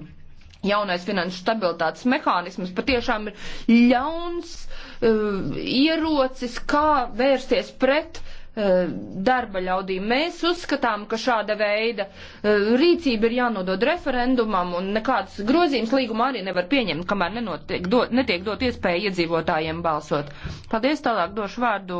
jaunais finanšu stabilitātes mehānisms patiešām ir ļauns uh, ierocis, kā vērsties pret uh, Eh, darba ļaudīm. Mēs uzskatām, ka šāda veida eh, rīcība ir jānodod referendumam un nekāds grozījums līguma arī nevar pieņemt, kamēr nenotiek, do, netiek dot iespēja iedzīvotājiem balsot. Paldies, tālāk došu vārdu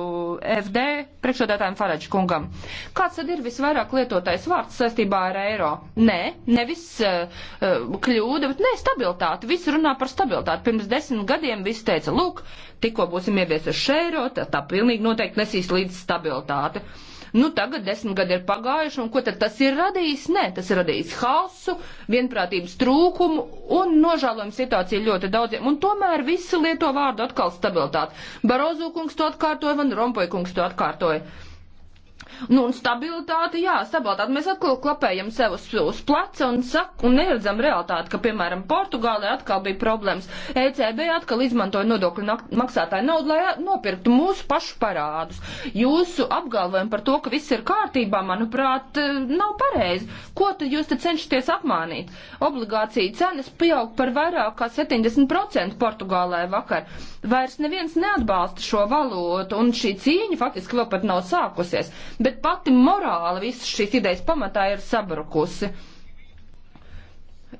FD priekšsēdētājiem Faraģi kungam. Kāds tad ir visvairāk lietotais vārds saistībā ar eiro? Nē, nevis uh, kļūda, bet nē, stabilitāte. Visi runā par stabilitāti. Pirms desmit gadiem visi teica, lūk, Tikko būsim ieviesuši eiro, tas tā pilnīgi noteikti nesīs līdz stabilitāti. Nu, tagad desmit gadi ir pagājuši, un ko tad tas ir radījis? Nē, tas ir radījis hausu, vienprātības trūkumu un nožēlojumu situāciju ļoti daudziem. Un tomēr visi lieto vārdu atkal stabilitāti. Barozu kungs to atkārtoja, Van Rompuy kungs to atkārtoja. Nu, un stabilitāte, jā, stabilitāte. Mēs atkal klapējam sev uz, uz pleca un, saku, un neredzam realitāti, ka, piemēram, Portugālē atkal bija problēmas. ECB atkal izmantoja nodokļu maksātāju naudu, lai nopirktu mūsu pašu parādus. Jūsu apgalvojumi par to, ka viss ir kārtībā, manuprāt, e, nav pareizi. Ko tad jūs te cenšaties apmānīt? Obligācija cenas pieaug par vairāk kā 70% Portugālē vakar. Vairs neviens neatbalsta šo valotu, un šī cīņa faktiski vēl pat nav sākusies bet pati morāla visas šīs idejas pamatā ir sabrukusi.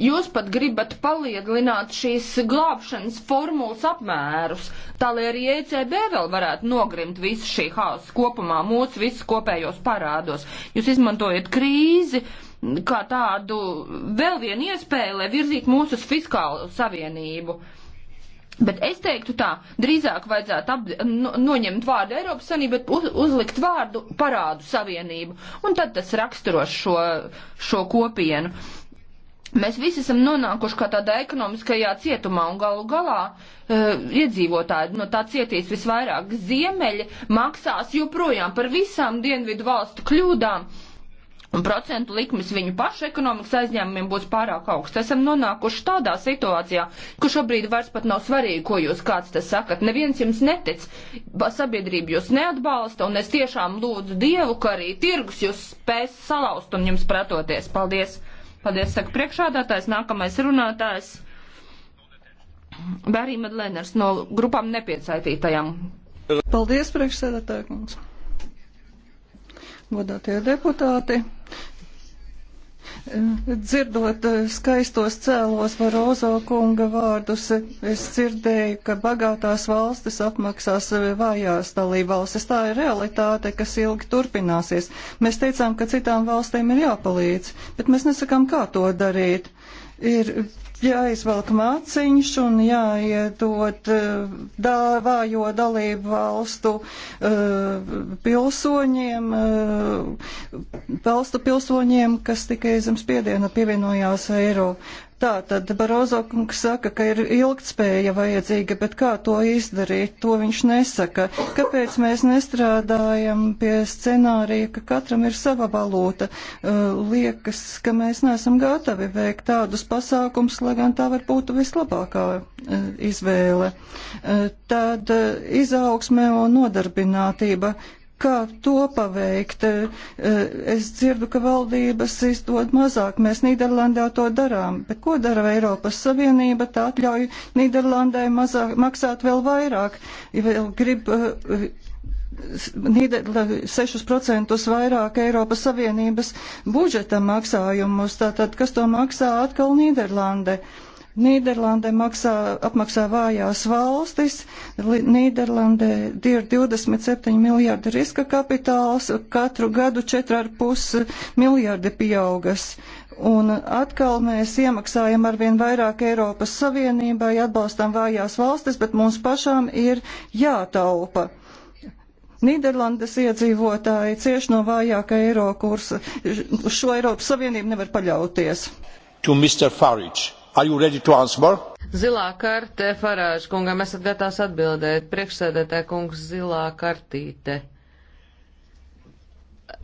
Jūs pat gribat palielināt šīs glābšanas formulas apmērus, tā lai arī ECB vēl varētu nogrimt visu šī haosa kopumā, mūsu visus kopējos parādos. Jūs izmantojat krīzi kā tādu vēl vienu iespēju, lai virzītu mūsu uz fiskālu savienību. Uh, Bet es teiktu tā, drīzāk vajadzētu ap, no, noņemt vārdu Eiropas Savienība, bet uz, uzlikt vārdu parādu savienību. Un tad tas raksturos šo, šo kopienu. Mēs visi esam nonākuši kā tādā ekonomiskajā cietumā un galu galā uh, iedzīvotāji no tā cietīs visvairāk. Ziemeļi maksās joprojām par visām dienvidu valstu kļūdām. Uh, un procentu likmes viņu pašu ekonomikas aizņēmumiem būs pārāk augsts. Esam nonākuši tādā situācijā, ka šobrīd vairs pat nav svarīgi, ko jūs kāds te sakat. Neviens jums netic, sabiedrība jūs neatbalsta, un es tiešām lūdzu Dievu, ka arī tirgus jūs spēs salauzt un jums pretoties. Paldies! Paldies, saka priekšādātājs, nākamais runātājs. Bērī Medleners no grupām nepiecaitītajām. Paldies, priekšsēdētāj, kungs godātie deputāti. Dzirdot skaistos cēlos Varozo kunga vārdus, es dzirdēju, ka bagātās valstis apmaksās vājās dalībvalstis. Tā ir realitāte, kas ilgi turpināsies. Mēs teicām, ka citām valstīm ir jāpalīdz, bet mēs nesakām, kā to darīt. Ir jāizvelk māciņš un jāiedod eh, dā, vājo dalību valstu uh, pilsoņiem, uh, valstu pilsoņiem, kas tikai zem spiediena pievienojās eiro. Tā tad Barozo kungs saka, ka ir ilgtspēja vajadzīga, bet kā to izdarīt, to viņš nesaka. Kāpēc mēs nestrādājam pie scenārija, ka katram ir sava valūta? Uh, liekas, ka mēs neesam gatavi veikt tādus pasākums, lai gan tā var būt vislabākā uh, izvēle. Uh, tad izaugsme un nodarbinātība. Kā to paveikt? Eh, es dzirdu, ka valdības izdod mazāk. Mēs Nīderlandē to darām. Bet ko dara Eiropas Savienība? Tā atļauj Nīderlandē mazāk, maksāt vēl vairāk. Ja vēl grib, 6% eh, vairāk Eiropas Savienības budžeta maksājumus. Tātad, kas to maksā atkal Nīderlandē? Uh, Nīderlandē maksā, apmaksā vājās valstis, Nīderlandē ir 27 miljārdi riska kapitāls, katru gadu 4,5 miljārdi pieaugas. Un atkal mēs iemaksājam arvien vairāk Eiropas Savienībai, atbalstam vājās valstis, bet mums pašām ir jātaupa. Nīderlandes iedzīvotāji cieš no vājāka eiro kursa. Uz šo Eiropas Savienību nevar paļauties. To Mr. Farage. Zilā kartē Farāža kungam esat gatavs atbildēt. Priekšsēdētāja kungs zilā kartīte.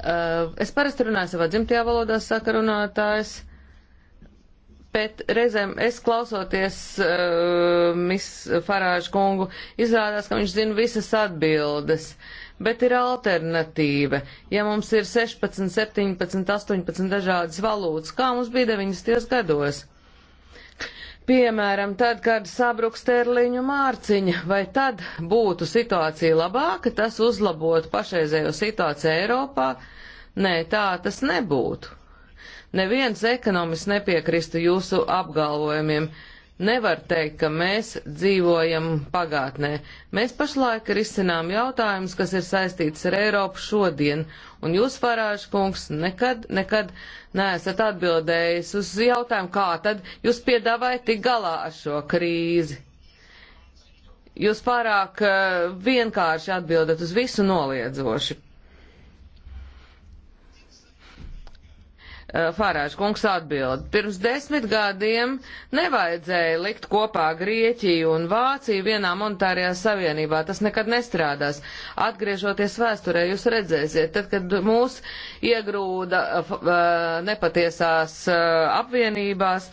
Uh, es parasti runāju savā dzimtajā valodā, saka runātājs, bet reizēm es klausoties uh, mis Farāža kungu, izrādās, ka viņš zina visas atbildes. Bet ir alternatīva. Ja mums ir 16, 17, 18 dažādas valūtas, kā mums bija 90. gados? Piemēram, tad, kad sabruk sterliņu mārciņa, vai tad būtu situācija labāka, tas uzlabotu pašreizējo situāciju Eiropā? Nē, tā tas nebūtu. Neviens ekonomists nepiekristu jūsu apgalvojumiem. Uh, Nevar teikt, ka mēs dzīvojam pagātnē. Mēs pašlaik risinām jautājumus, kas ir saistīts ar Eiropu šodien, un jūs, Farāžs kungs, nekad, nekad neesat atbildējis uz jautājumu, kā tad jūs piedāvājat tik galā ar šo krīzi. Jūs pārāk eh, vienkārši atbildat uz visu noliedzoši. Eh, Fārāžs kungs atbild. Pirms desmit gadiem nevajadzēja likt kopā Grieķiju un Vāciju vienā monetārajā savienībā. Tas nekad nestrādās. Atgriežoties vēsturē, jūs redzēsiet, tad, kad mūs iegrūda eh, eh, nepatiesās apvienībās,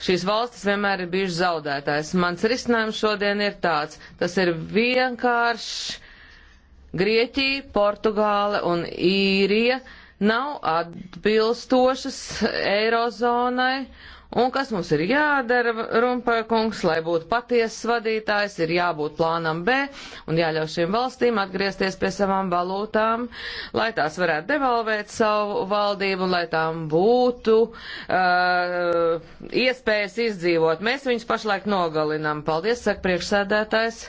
Šīs valstis vienmēr ir bijušas zaudētājs. Mans risinājums šodien ir tāds. Tas ir vienkārši Grieķija, Portugāle un Īrija. Uh, nav atbilstošas eirozonai, un kas mums ir jādara, Rumpēkungs, lai būtu patiesas vadītājs, ir jābūt plānam B un jāļauj šīm valstīm atgriezties pie savām valūtām, lai tās varētu devalvēt savu valdību, lai tām būtu uh, iespējas izdzīvot. Mēs viņus pašlaik nogalinam. Paldies, saka priekšsēdētājs.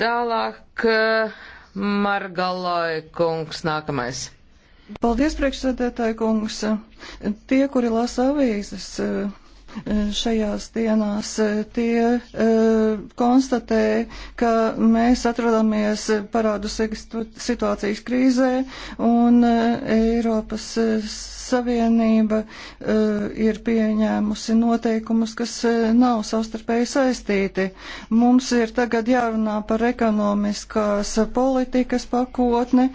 Tālāk. Uh, Margalai kungs nākamais. Paldies, priekšsēdētāji kungs. Tie, kuri lasa avīzes, šajās dienās, e, tie uh, konstatē, ka mēs atrodamies parādu situācijas krīzē un uh, Eiropas Savienība uh, ir pieņēmusi noteikumus, kas nav savstarpēji saistīti. Mums ir tagad jārunā par ekonomiskās politikas pakotni,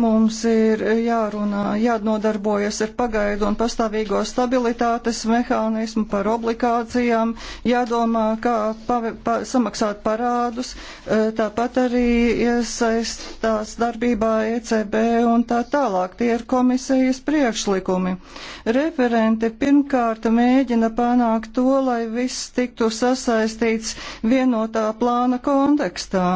mums ir jārunā, jānodarbojas ar pagaidu un pastāvīgo stabilitātes mehānismu, par obligācijām, jādomā, kā pa, pa, samaksāt parādus, e, tāpat arī iesaistās darbībā ECB un tā tālāk. Tie ir komisijas priekšlikumi. Referenti pirmkārt mēģina panākt to, lai viss tiktu sasaistīts vienotā plāna kontekstā.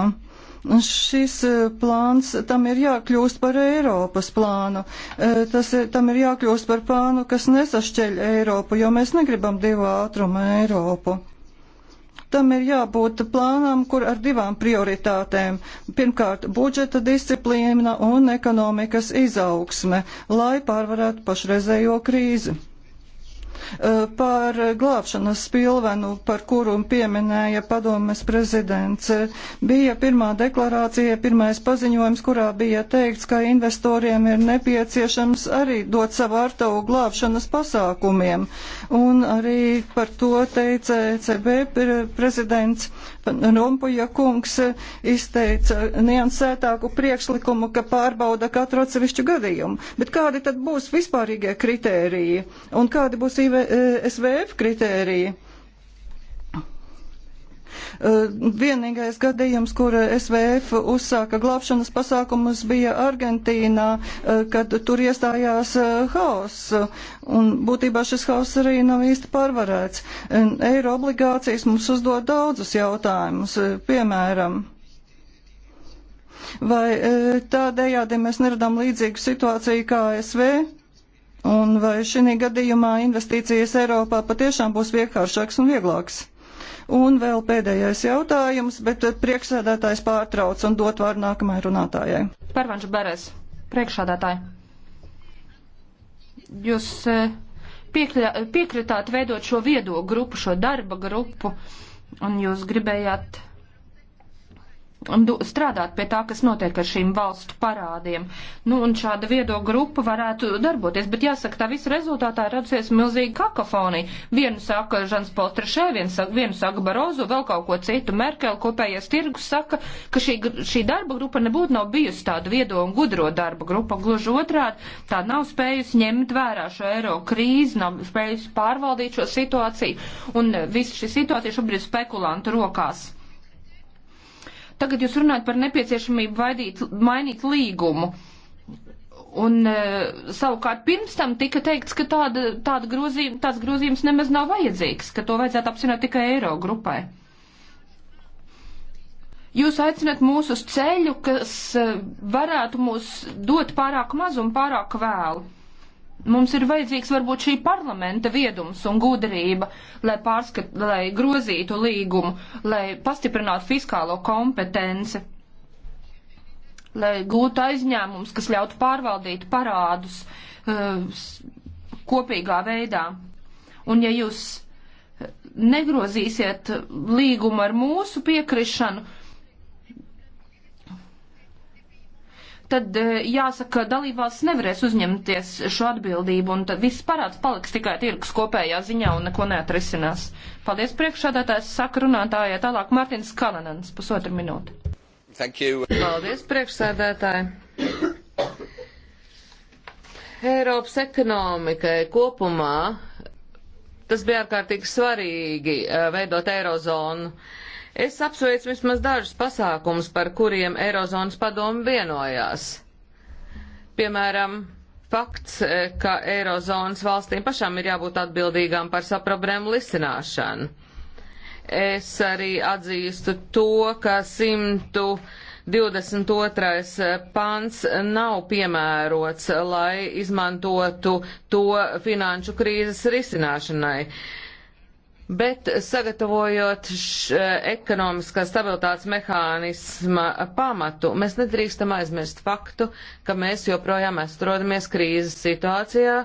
Šis e, plāns tam ir jākļūst par Eiropas plānu. E, tas, tam ir jākļūst par plānu, kas nesašķeļ Eiropu, jo mēs negribam divu ātrumu Eiropu tam ir jābūt plānam, kur ar divām prioritātēm. Pirmkārt, budžeta disciplīna un ekonomikas izaugsme, lai pārvarētu pašreizējo krīzi. Eh, par glābšanas pilvenu, par kuru pieminēja padomes prezidents. Bija pirmā deklarācija, pirmais paziņojums, kurā bija teikts, ka investoriem ir nepieciešams arī dot savu artavu glābšanas pasākumiem. Un arī par to teica ECB prezidents Rompuja kungs izteica niansētāku priekšlikumu, ka pārbauda katru atsevišķu gadījumu. Bet kādi tad būs vispārīgie kritēriji un kādi būs IV SVF kritērija. Vienīgais gadījums, kur SVF uzsāka glābšanas pasākumus, bija Argentīnā, kad tur iestājās haoss. Un būtībā šis haoss arī nav īsti pārvarēts. Eiro obligācijas mums uzdod daudzus jautājumus, piemēram. Vai tādējādi mēs neredam līdzīgu situāciju kā SV? Un vai šī gadījumā investīcijas Eiropā patiešām būs vienkāršāks un vieglāks? Un vēl pēdējais jautājums, bet priekšsēdētājs pārtrauc un dot vārdu nākamajai runātājai. Pervanš Beres, priekšsēdētāji. Jūs e, piekļā, piekritāt veidot šo viedo grupu, šo darba grupu, un jūs gribējāt strādāt pie tā, kas notiek ar šīm valstu parādiem. Nu, un šāda viedo grupa varētu darboties, bet jāsaka, tā visa rezultātā radusies milzīga kakofonija. Vienu saka Žans Pols Trešē, vienu saka, vienu saka Barozu, vēl kaut ko citu. Merkel kopējais tirgus saka, ka šī, šī darba grupa nebūtu nav bijusi tāda viedo un gudro darba grupa. Gluži otrādi, tā nav spējusi ņemt vērā šo eiro krīzi, nav spējusi pārvaldīt šo situāciju. Un eh, visa šī situācija šobrīd ir spekulantu rokās. Tagad jūs runājat par nepieciešamību vaidīt, mainīt līgumu. Un e, savukārt pirms tam tika teikts, ka tāda, tāda grozījuma, tāds grozījums nemaz nav vajadzīgs, ka to vajadzētu apsvināt tikai eiro grupai. Jūs aicinat mūs uz ceļu, kas e, varētu mūs dot pārāk maz un pārāk vēlu. Mums ir vajadzīgs varbūt šī parlamenta viedums un gudrība, lai, pārskat, lai grozītu līgumu, lai pastiprinātu fiskālo kompetenci, lai gūtu aizņēmums, kas ļautu pārvaldīt parādus uh, kopīgā veidā. Un ja jūs negrozīsiet līgumu ar mūsu piekrišanu, uh, tad e, jāsaka, dalībvalsts nevarēs uzņemties šo atbildību, un tad viss parāds paliks tikai tirgus kopējā ziņā un neko neatrisinās. Paldies priekšādātājs, saka runātājai tālāk Mārtiņš Kalanans, pusotru minūti. Paldies priekšsēdētāji. Eiropas ekonomikai kopumā tas bija ārkārtīgi svarīgi e, veidot eirozonu. Uh, Es apsveicu vismaz dažus pasākumus, par kuriem Eirozonas padomu vienojās. Piemēram, fakts, e, ka Eirozonas valstīm pašām ir jābūt atbildīgām par savu problēmu lisināšanu. Es arī atzīstu to, ka 122. pants nav piemērots, lai izmantotu to finanšu krīzes risināšanai. Uh, Bet sagatavojot š, eh, ekonomiskā stabilitātes mehānisma pamatu, mēs nedrīkstam aizmirst faktu, ka mēs joprojām atrodamies krīzes situācijā,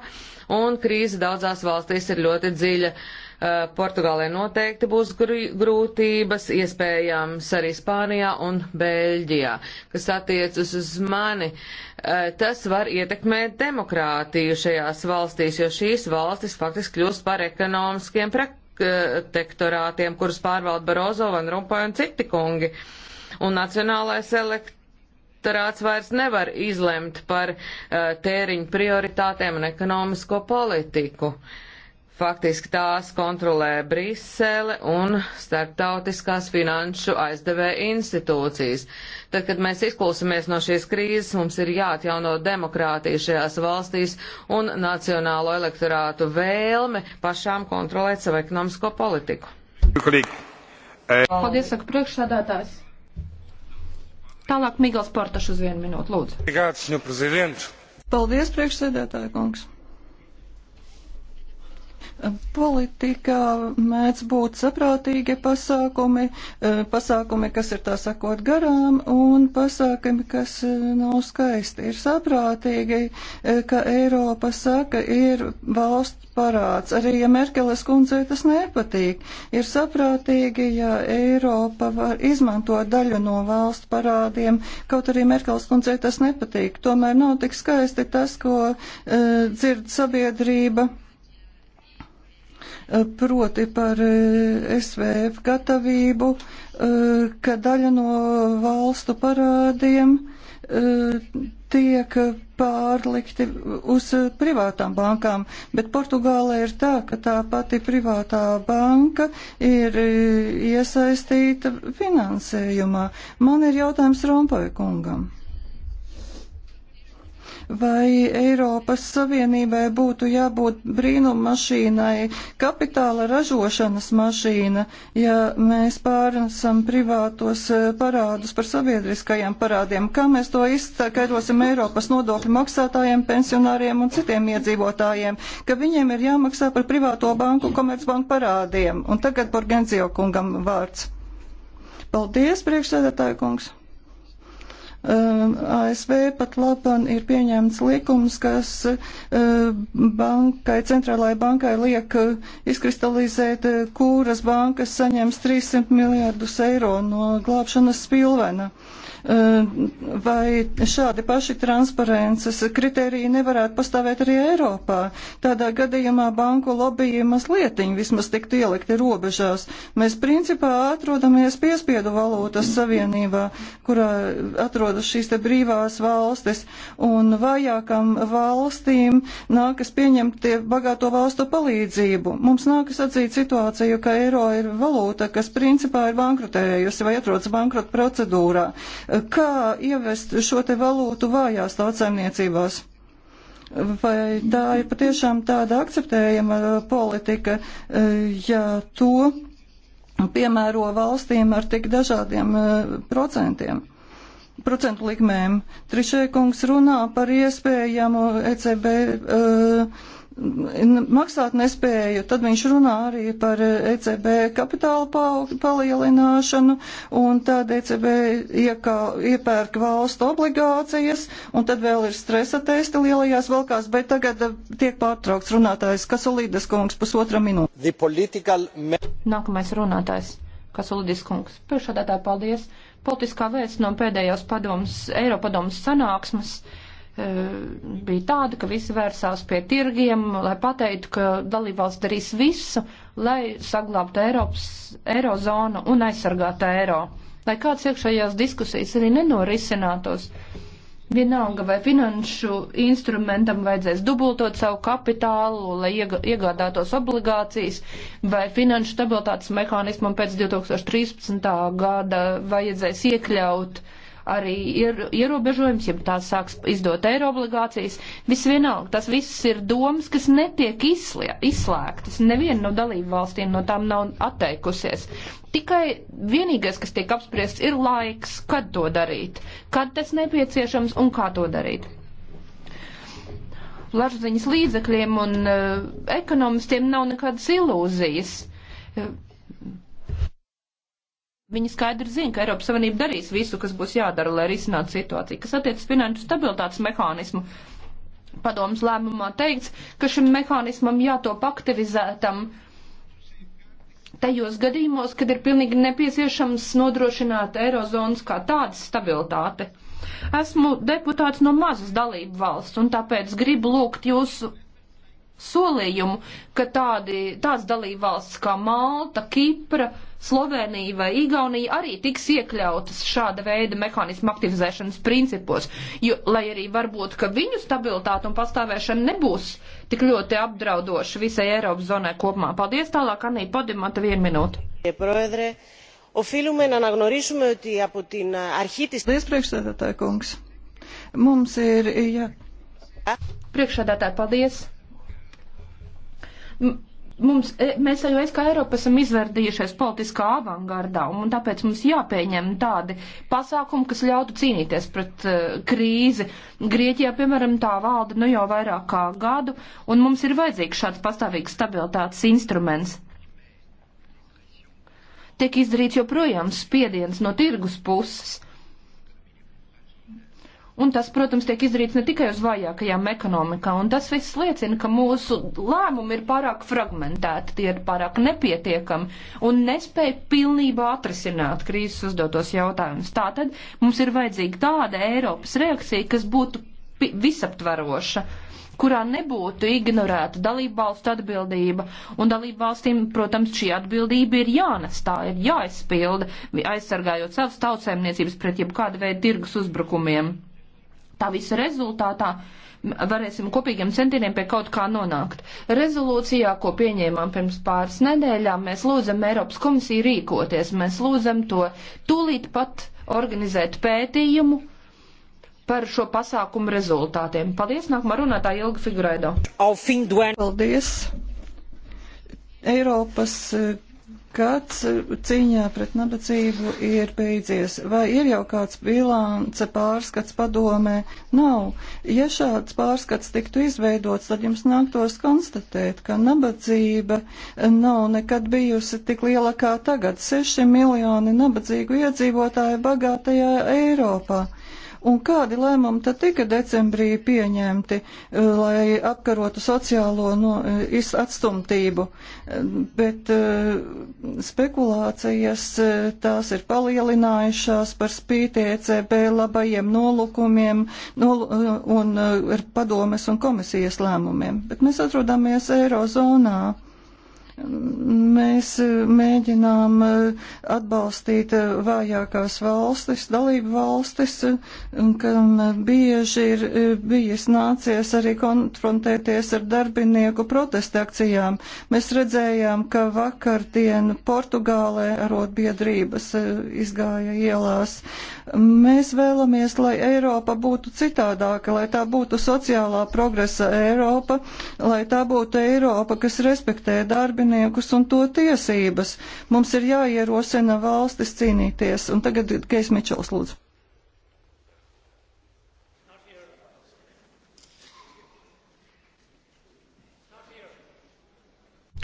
un krīze daudzās valstīs ir ļoti dziļa. Eh, Portugālē noteikti būs grūtības, iespējams arī Spānijā un Bēļģijā, kas attiecas uz mani. Eh, tas var ietekmēt demokrātiju šajās valstīs, jo šīs valstis faktiski kļūst par ekonomiskiem praktikiem protektorātiem, kurus pārvalda Barozo, Van Rumpoja un citi kungi. Un nacionālais elektorāts vairs nevar izlemt par uh, tēriņu prioritātēm un ekonomisko politiku. Uh, Faktiski tās kontrolē Brisele un starptautiskās finanšu aizdevēja institūcijas. Tad, kad mēs izklausamies no šīs krīzes, mums ir jāatjauno demokrātija šajās valstīs un nacionālo elektorātu vēlme pašām kontrolēt savu ekonomisko politiku. E- Paldies, saka priekšsādātājs. Tālāk Migels Portašs uz vienu minūtu, lūdzu. Paldies, priekšsēdētāja kungs. Politikā mēdz būt saprātīgi pasākumi, e, pasākumi, kas ir tā sakot garām, un pasākumi, kas e, nav skaisti. Ir saprātīgi, e, ka Eiropa saka, ir valsts parāds. Arī, ja Merkeles kundzei tas nepatīk, ir saprātīgi, ja Eiropa var izmantot daļu no valsts parādiem, kaut arī Merkeles kundzei tas nepatīk. Tomēr nav tik skaisti tas, ko uh, dzird sabiedrība proti par eh, SVF gatavību, eh, ka daļa no valstu parādiem eh, tiek pārlikti uz privātām bankām, bet Portugālē ir tā, ka tā pati privātā banka ir iesaistīta finansējumā. Man ir jautājums Rompoja kungam. Vai Eiropas Savienībai būtu jābūt brīnuma mašīnai, kapitāla ražošanas mašīna, ja mēs pārnesam privātos eh, parādus par sabiedriskajiem parādiem? Kā mēs to izskaidrosim Eiropas nodokļu maksātājiem, pensionāriem un citiem iedzīvotājiem, ka viņiem ir jāmaksā par privāto banku komercbanku parādiem? Un tagad par Genzio kungam vārds. Paldies, priekšsēdētāju kungs! Um, ASV pat labam ir pieņemts likums, kas uh, bankai, centrālajai bankai liek izkristalizēt, uh, kuras bankas saņems 300 miljārdus eiro no glābšanas spilvena. Eh, vai šādi paši transparences kriteriji nevarētu pastāvēt arī Eiropā? Tādā gadījumā banku lobbyiem mazlietiņi vismaz tiktu ielikti robežās. Mēs principā atrodamies piespiedu valūtas savienībā, kurā atrodas šīs te brīvās valstis, un vajākam valstīm nākas pieņemt bagāto valstu palīdzību. Mums nākas atzīt situāciju, ka eiro ir valūta, kas principā ir bankrotējusi vai atrodas bankrota procedūrā. Kā ievest šo te valūtu vājās tautsaimniecībās? Vai tā ir patiešām tāda akceptējama uh, politika, uh, ja to piemēro valstīm ar tik dažādiem uh, procentiem? Procentu likmēm. Trišē kungs runā par iespējamu ECB uh, maksāt nespēju, tad viņš runā arī par ECB kapitāla palielināšanu, un tad ECB iekā, iepērk valstu obligācijas, un tad vēl ir stresa testi lielajās valkās, bet tagad eh, tiek pārtraukts runātājs Kasulīdes kungs pusotra minūte. Political... Nākamais runātājs Kasulīdes kungs. Priekšādātāji, paldies. Politiskā vēsts no pēdējās padomas, Eiropadomas sanāksmes E, bija tāda, ka visi vērsās pie tirgiem, lai pateiktu, ka dalībvalsts darīs visu, lai saglābtu Eiropas eirozonu un aizsargātu eiro. Lai kāds iekšējās diskusijas arī nenorisinātos, vienalga vai finanšu instrumentam vajadzēs dubultot savu kapitālu, lai iegādātos obligācijas, vai finanšu stabilitātes mehānismam pēc 2013. gada vajadzēs iekļaut uh, arī ir ierobežojums, ja tās sāks izdot eiro obligācijas. Visvienalga, tas viss ir domas, kas netiek izslēgtas. Neviena no dalību valstīm no tām nav atteikusies. Tikai vienīgais, kas tiek apspriests, ir laiks, kad to darīt, kad tas nepieciešams un kā to darīt plašsaziņas līdzekļiem un uh, ekonomistiem nav nekādas ilūzijas. Uh, Viņi skaidri zina, ka Eiropas Savienība darīs visu, kas būs jādara, lai risinātu situāciju. Kas attiecas finanšu stabilitātes mehānismu, padomas lēmumā teikts, ka šim mehānismam jātop aktivizētam tajos gadījumos, kad ir pilnīgi nepieciešams nodrošināt eirozonas kā tādas stabilitāte. Esmu deputāts no mazas dalību valsts, un tāpēc gribu lūgt jūsu solījumu, ka tādi, tāds dalību valsts kā Malta, Kipra, Slovenija vai Igaunija arī tiks iekļautas šāda veida mehānismu aktivizēšanas principos, jo, lai arī varbūt, ka viņu stabilitāte un pastāvēšana nebūs tik ļoti apdraudoša visai Eiropas zonai kopumā. Paldies tālāk, Anī Podimata, vienu minūtu. Οφείλουμε να αναγνωρίσουμε ότι από την αρχή της... Δες priekšsēdētāji kungs. Mums ir, jā. Priekšsēdētāji, paldies. M mums, e, mēs jau es kā Eiropa esam izvērdījušies politiskā avangardā, un tāpēc mums jāpieņem tādi pasākumi, kas ļautu cīnīties pret uh, krīzi. Grieķijā, piemēram, tā valda nu jau vairāk kā gadu, un mums ir vajadzīgs šāds pastāvīgs stabilitātes instruments. Tiek izdarīts joprojām spiediens no tirgus puses Un tas, protams, tiek izdarīts ne tikai uz vājākajām ekonomikām, un tas viss liecina, ka mūsu lēmumi ir pārāk fragmentēti, tie ir pārāk nepietiekami un nespēja pilnībā atrisināt krīzes uzdotos jautājumus. Tātad mums ir vajadzīga tāda Eiropas reakcija, kas būtu visaptveroša kurā nebūtu ignorēta dalību valstu atbildība, un dalību valstīm, protams, šī atbildība ir jānestā, ir jāizpilda, aizsargājot savas tautsēmniecības pret jebkāda veida tirgus uzbrukumiem tā visa rezultātā varēsim kopīgiem centieniem pie kaut kā nonākt. Rezolūcijā, ko pieņēmām pirms pāris nedēļām, mēs lūdzam Eiropas komisiju rīkoties, mēs lūdzam to tūlīt pat organizēt pētījumu par šo pasākumu rezultātiem. Paldies, nākamā runātāja Ilga Figuraido. Paldies! Eiropas Kāds cīņā pret nabadzību ir beidzies? Vai ir jau kāds bilance pārskats padomē? Nav. Ja šāds pārskats tiktu izveidots, tad jums nāktos konstatēt, ka nabadzība nav nekad bijusi tik liela kā tagad. 6 miljoni nabadzīgu iedzīvotāju bagātajā Eiropā. Un kādi lēmumi tad tika decembrī pieņemti, eh, lai apkarotu sociālo no, eh, atstumtību? Eh, bet spekulācijas tās ir palielinājušās par spīti ECB labajiem nolukumiem nol, un padomes un komisijas lēmumiem. Bet mēs atrodamies Eirozonā. Mēs e, mēģinām e, atbalstīt e, vājākās valstis, dalību valstis, kam bieži ir bijis nācies arī konfrontēties ar darbinieku protestakcijām. Mēs redzējām, ka vakardien Portugālē arotbiedrības izgāja ielās. Mēs vēlamies, lai Eiropa būtu citādāka, lai tā būtu sociālā progresa Eiropa, lai tā būtu Eiropa, kas respektē darbinieku dzīvniekus un to tiesības. Mums ir jāierosina valstis cīnīties. Un tagad Keis Mičels lūdzu.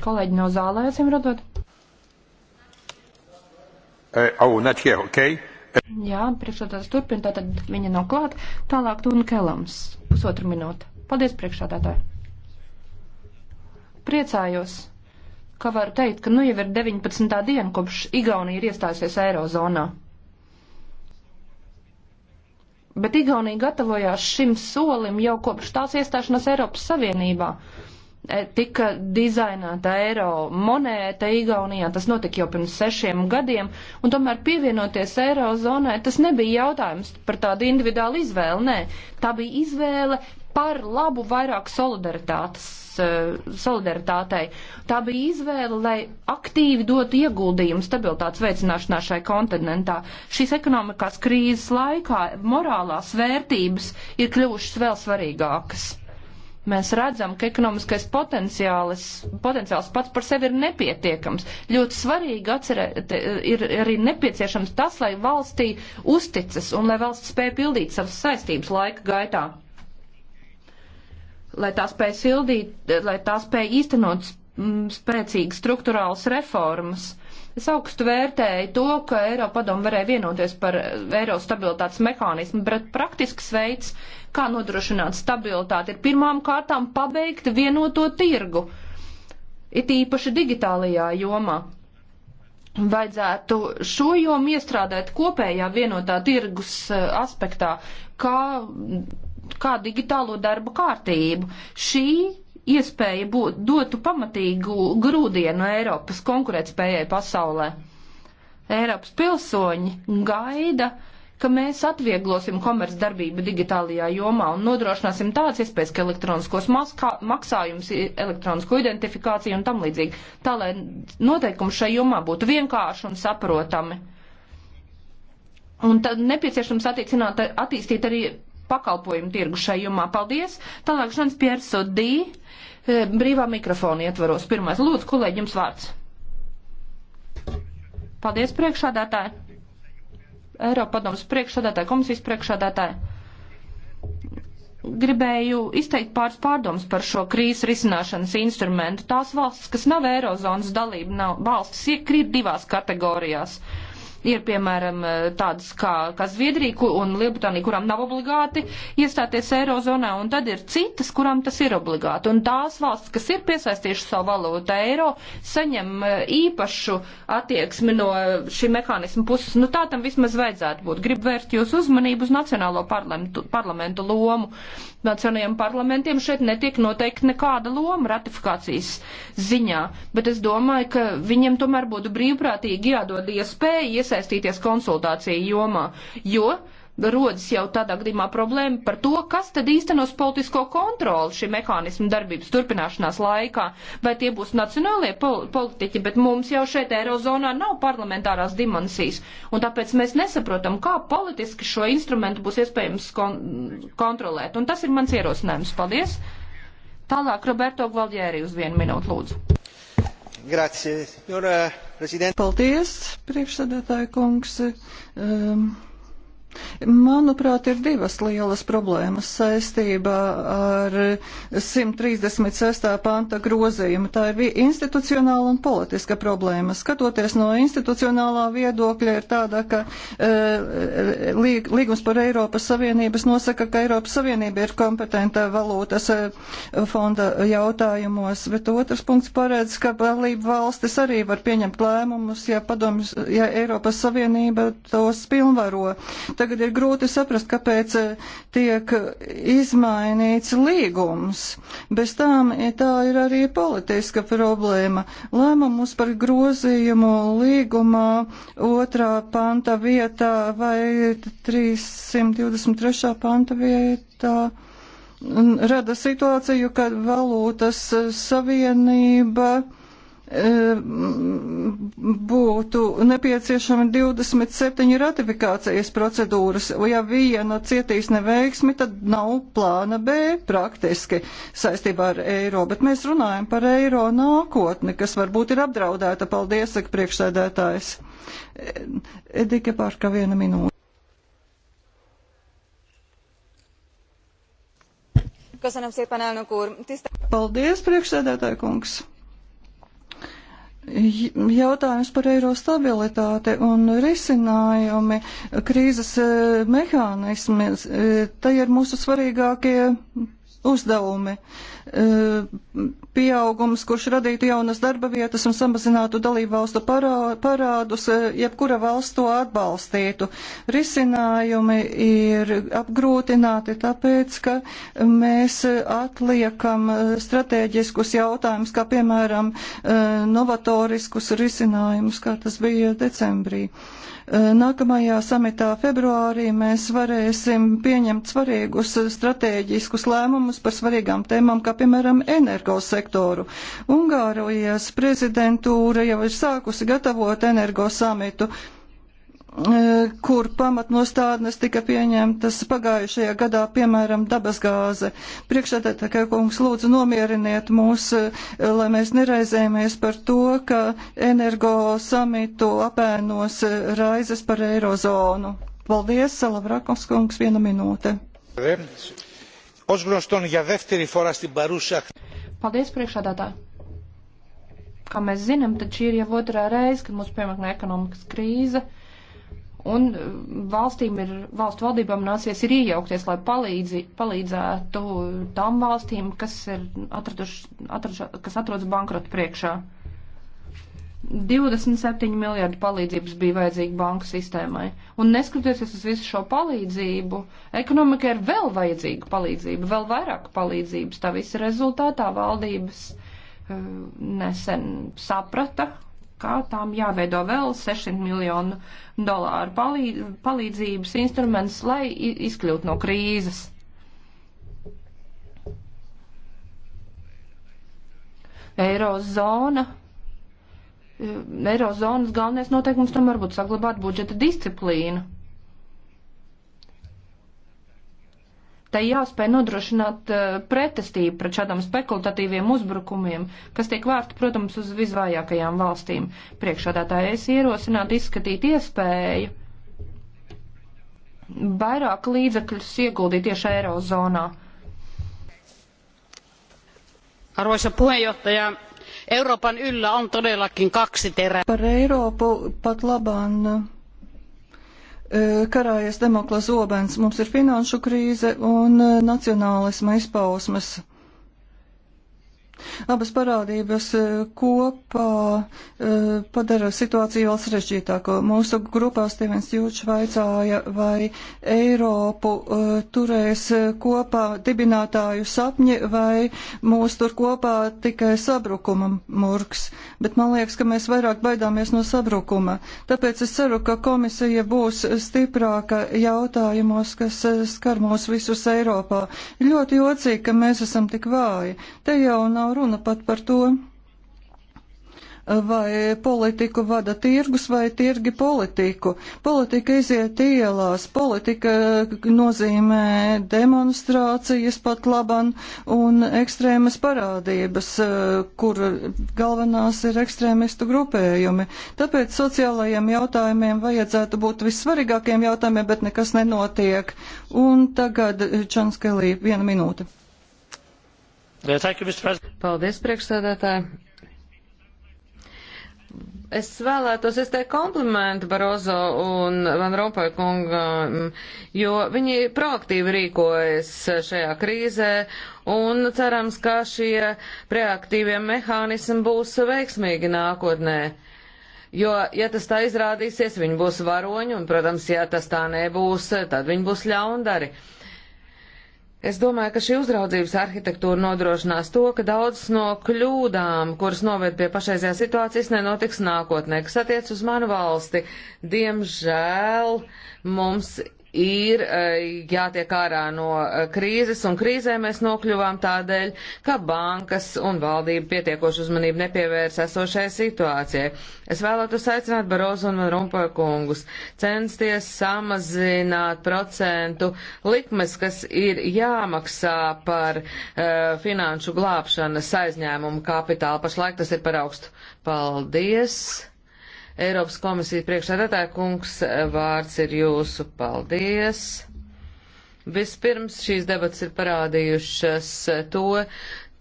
Kolēģi no zālē, acīm redzot. Uh, eh, oh, not here, okay. Jā, priekšsādātājs turpina, tātad viņa nav klāt. Tālāk Tūna Kelams, pusotru minūtu. Paldies, priekšsādātāji. Priecājos, ka var teikt, ka nu jau ir 19. diena, kopš Igaunija ir iestājusies Eirozonā. Bet Igaunija gatavojās šim solim jau kopš tās iestāšanās Eiropas Savienībā. E, tika dizainēta eiro monēta Igaunijā, tas notika jau pirms sešiem gadiem, un tomēr pievienoties eirozonai, tas nebija jautājums par tādu individuālu izvēli, nē, tā bija izvēle par labu vairāk solidaritātes Eh, solidaritātei. Tā bija izvēle, lai aktīvi dotu ieguldījumu stabilitātes veicināšanā šai kontinentā. Šīs ekonomikās krīzes laikā morālās vērtības ir kļuvušas vēl svarīgākas. Mēs redzam, ka ekonomiskais potenciāls, potenciāls pats par sevi ir nepietiekams. Ļoti svarīgi atcerēt, ir arī nepieciešams tas, lai valstī uzticas un lai valsts spēja pildīt savas saistības laika gaitā lai tā spēja sildīt, lai tā spēja īstenot spēcīgas struktūrālas reformas. Es augstu vērtēju to, ka Eiropa padomu varēja vienoties par eiro stabilitātes mehānismu, bet praktisks veids, kā nodrošināt stabilitāti, ir pirmām kārtām pabeigt vienoto tirgu, it īpaši digitālajā jomā. Vajadzētu šo jomu iestrādāt kopējā vienotā tirgus eh, aspektā, kā kā digitālo darbu kārtību. Šī iespēja būt, dotu pamatīgu grūdienu Eiropas konkurētspējai pasaulē. Eiropas pilsoņi gaida, ka mēs atvieglosim komercdarbību digitālajā jomā un nodrošināsim tādas iespējas, ka elektroniskos maskā, maksājums, elektronisko identifikāciju un tam līdzīgi, tā lai noteikumi šai jomā būtu vienkārši un saprotami. Un tad nepieciešams attiecināt, attīstīt arī pakalpojumu tirgu šai jomā. Paldies! Tālāk Žans Pierso D. E, brīvā mikrofona ietvaros. Pirmais, lūdzu, kolēģi, jums vārds. Paldies, priekšādātāji. Eiropadomas priekšādātāji, komisijas priekšādātāji. Gribēju izteikt pāris pārdomas par šo krīzes risināšanas instrumentu. Tās valstis, kas nav Eirozonas dalība, nav valstis, ir divās kategorijās. Uh, Ir, piemēram, eh, tādas kā, kā Zviedrija un Lielbritānija, kurām nav obligāti iestāties Eirozonā, un tad ir citas, kurām tas ir obligāti. Un tās valsts, kas ir piesaistījušas savu valūtu eiro, saņem eh, īpašu attieksmi no eh, šī mehānisma puses. Nu, tā tam vismaz vajadzētu būt. Gribu vērst jūsu uzmanību uz Nacionālo parlamentu, parlamentu lomu nacionālajiem parlamentiem šeit netiek noteikti nekāda loma ratifikācijas ziņā, bet es domāju, ka viņiem tomēr būtu brīvprātīgi jādod iespēja iesaistīties konsultāciju jomā, jo rodas jau tādā gadījumā problēma par to, kas tad īstenos politisko kontroli šī mehānismu darbības turpināšanās laikā. Vai tie būs nacionālie pol politiķi, bet mums jau šeit Eirozonā nav parlamentārās dimensijas. Un tāpēc mēs nesaprotam, kā politiski šo instrumentu būs iespējams kon kontrolēt. Un tas ir mans ierosinājums. Paldies! Tālāk Roberto Gvaldieri uz vienu minūtu lūdzu. Grazie, signora Presidente. Paldies, priekšsēdētāja kungs. Um, Manuprāt, ir divas lielas problēmas saistībā ar 136. panta grozījumu. Tā ir institucionāla un politiska problēma. Skatoties no institucionālā viedokļa, ir tāda, ka e, e līgums par Eiropas Savienības nosaka, ka Eiropas Savienība ir kompetenta valūtas e, fonda jautājumos, bet otrs punkts paredz, ka dalību valstis arī var pieņemt lēmumus, ja, padomis, ja Eiropas Savienība tos pilnvaro. Te tagad ir grūti saprast, kāpēc eh, tiek izmainīts līgums. Bez tām tā ir arī politiska problēma. Lēmumus par grozījumu līgumā otrā panta vietā vai 323. panta vietā rada situāciju, kad valūtas savienība būtu nepieciešama 27 ratifikācijas procedūras. Ja viena cietīs neveiksmi, tad nav plāna B praktiski saistībā ar eiro, bet mēs runājam par eiro nākotni, kas varbūt ir apdraudēta. Paldies, saka priekšsēdētājs. Edike Pārka viena minūte. Köszönöm szépen, elnök úr! Tisztelt... Paldies, priekšsēdētāja kungs! Jautājums par eiro stabilitāti un risinājumi, krīzes eh, mehānismi, eh, tai ir mūsu svarīgākie uzdevumi. E, pieaugums, kurš radītu jaunas darba vietas un samazinātu dalību valstu parādus, e, jebkura valsts to atbalstītu. Risinājumi ir apgrūtināti tāpēc, ka mēs atliekam e, strateģiskus jautājumus, kā piemēram novatoriskus risinājumus, kā tas bija decembrī. Uh, Eh, nākamajā samitā februārī mēs varēsim pieņemt svarīgus eh, stratēģiskus lēmumus par svarīgām tēmām, kā piemēram energosektoru. Ungārijas prezidentūra jau ir sākusi gatavot energosamitu. E, kur pamatnostādnes tika pieņemtas pagājušajā gadā, piemēram, dabasgāze. Priekšsēdētākai kungs, lūdzu nomieriniet mūs, e, lai mēs neraizējamies par to, ka energo samitu apēnos e, raizes par eirozonu. Paldies, Salavrakovs kungs, viena minūte. Paldies, priekšsēdētāji. Kā mēs zinām, tad šī ir jau otrā reize, kad mums piemēram ekonomikas krīze. Uh, Un valstīm ir, valstu valdībām nācies ir iejaukties, lai palīdzi, palīdzētu tām valstīm, kas ir atraduši, atraduši, kas atrodas bankrota priekšā. 27 miljārdi palīdzības bija vajadzīga banku sistēmai. Un neskatoties uz visu šo palīdzību, ekonomikai ir vēl vajadzīga palīdzība, vēl vairāk palīdzības. Tā visa rezultātā valdības eh, nesen saprata, kā tām jāveido vēl 600 miljonu dolāru palīd, palīdzības instruments, lai izkļūt no krīzes. Eirozona. E, Eirozonas galvenais noteikums tomēr būtu saglabāt budžeta disciplīnu. tai jāspēj nodrošināt eh, pretestību pret šādām spekulatīviem uzbrukumiem, kas tiek vērti, protams, uz visvājākajām valstīm. Priekšādātāji es ierosinātu izskatīt iespēju vairāk līdzekļus ieguldīt tieši Eirozonā. Arvoisa puheenjohtaja, Euroopan yllä on todellakin kaksi terää. Par Euroopu pat labaan karājies Demoklas obens. Mums ir finanšu krīze un nacionālisma izpausmes. Abas parādības eh, kopā eh, padara situāciju vēl sarežģītāko. Mūsu grupā Stevens Jūčs vaicāja, vai Eiropu eh, turēs kopā dibinātāju sapņi, vai mūs tur kopā tikai sabrukuma murgs. Bet man liekas, ka mēs vairāk baidāmies no sabrukuma. Tāpēc es ceru, ka komisija būs stiprāka jautājumos, kas skar mūs visus Eiropā. Ļoti jocīgi, ka mēs esam tik vāji. Te jau nav nav runa pat par to, vai politiku vada tirgus vai tirgi politiku. Politika iziet ielās, politika nozīmē demonstrācijas pat laban un ekstrēmas parādības, kur galvenās ir ekstrēmistu grupējumi. Tāpēc sociālajiem jautājumiem vajadzētu būt vissvarīgākiem jautājumiem, bet nekas nenotiek. Un tagad Čanskelī viena minūte. Uh, Paldies, priekšsēdētāji. Es vēlētos izteikt komplimentu Barozo un Van Rompuy kungam, jo viņi proaktīvi rīkojas šajā krīzē un cerams, ka šie reaktīvie mehānismi būs veiksmīgi nākotnē. Jo, ja tas tā izrādīsies, viņi būs varoņi, un, protams, ja tas tā nebūs, tad viņi būs ļaundari. Uh, Es domāju, ka šī uzraudzības arhitektūra nodrošinās to, ka daudzas no kļūdām, kuras noved pie pašreizējā situācijas, nenotiks nākotnē. Kas attiec uz manu valsti, diemžēl mums ir eh, jātiek ārā no eh, krīzes, un krīzē mēs nokļuvām tādēļ, ka bankas un valdība pietiekoši uzmanību nepievērs esošajai situācijai. Es vēlētos aicināt Barozu un Rumpoja kungus censties samazināt procentu likmes, kas ir jāmaksā par uh, finanšu glābšanas aizņēmumu kapitālu. Pašlaik tas ir par augstu. Paldies! Eiropas komisija priekšsēdētāja kungs, vārds ir jūsu. Paldies! Vispirms šīs debats ir parādījušas to,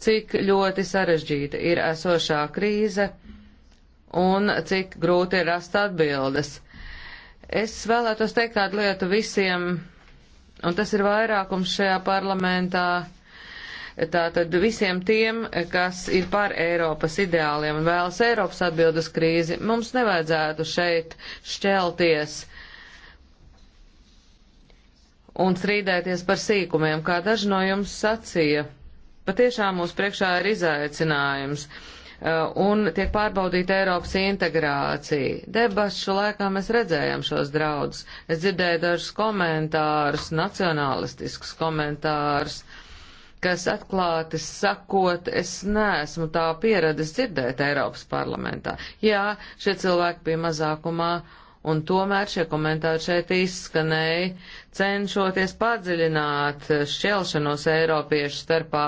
cik ļoti sarežģīta ir esošā krīze un cik grūti ir rast atbildes. Es vēlētos teikt kādu lietu visiem, un tas ir vairākums šajā parlamentā Tātad visiem tiem, kas ir par Eiropas ideāliem un vēlas Eiropas atbildes krīzi, mums nevajadzētu šeit šķelties un strīdēties par sīkumiem, kā daži no jums sacīja. Patiešām mūsu priekšā ir izaicinājums uh, un tiek pārbaudīta Eiropas integrācija. Debašu laikā mēs redzējām šos draudus. Es dzirdēju dažus komentārus, nacionalistiskus komentārus. Uh, kas atklāti sakot, es neesmu tā pieredzes dzirdēt Eiropas parlamentā. Jā, šie cilvēki bija mazākumā, un tomēr šie komentāri šeit izskanēja, cenšoties padziļināt šķelšanos Eiropiešu starpā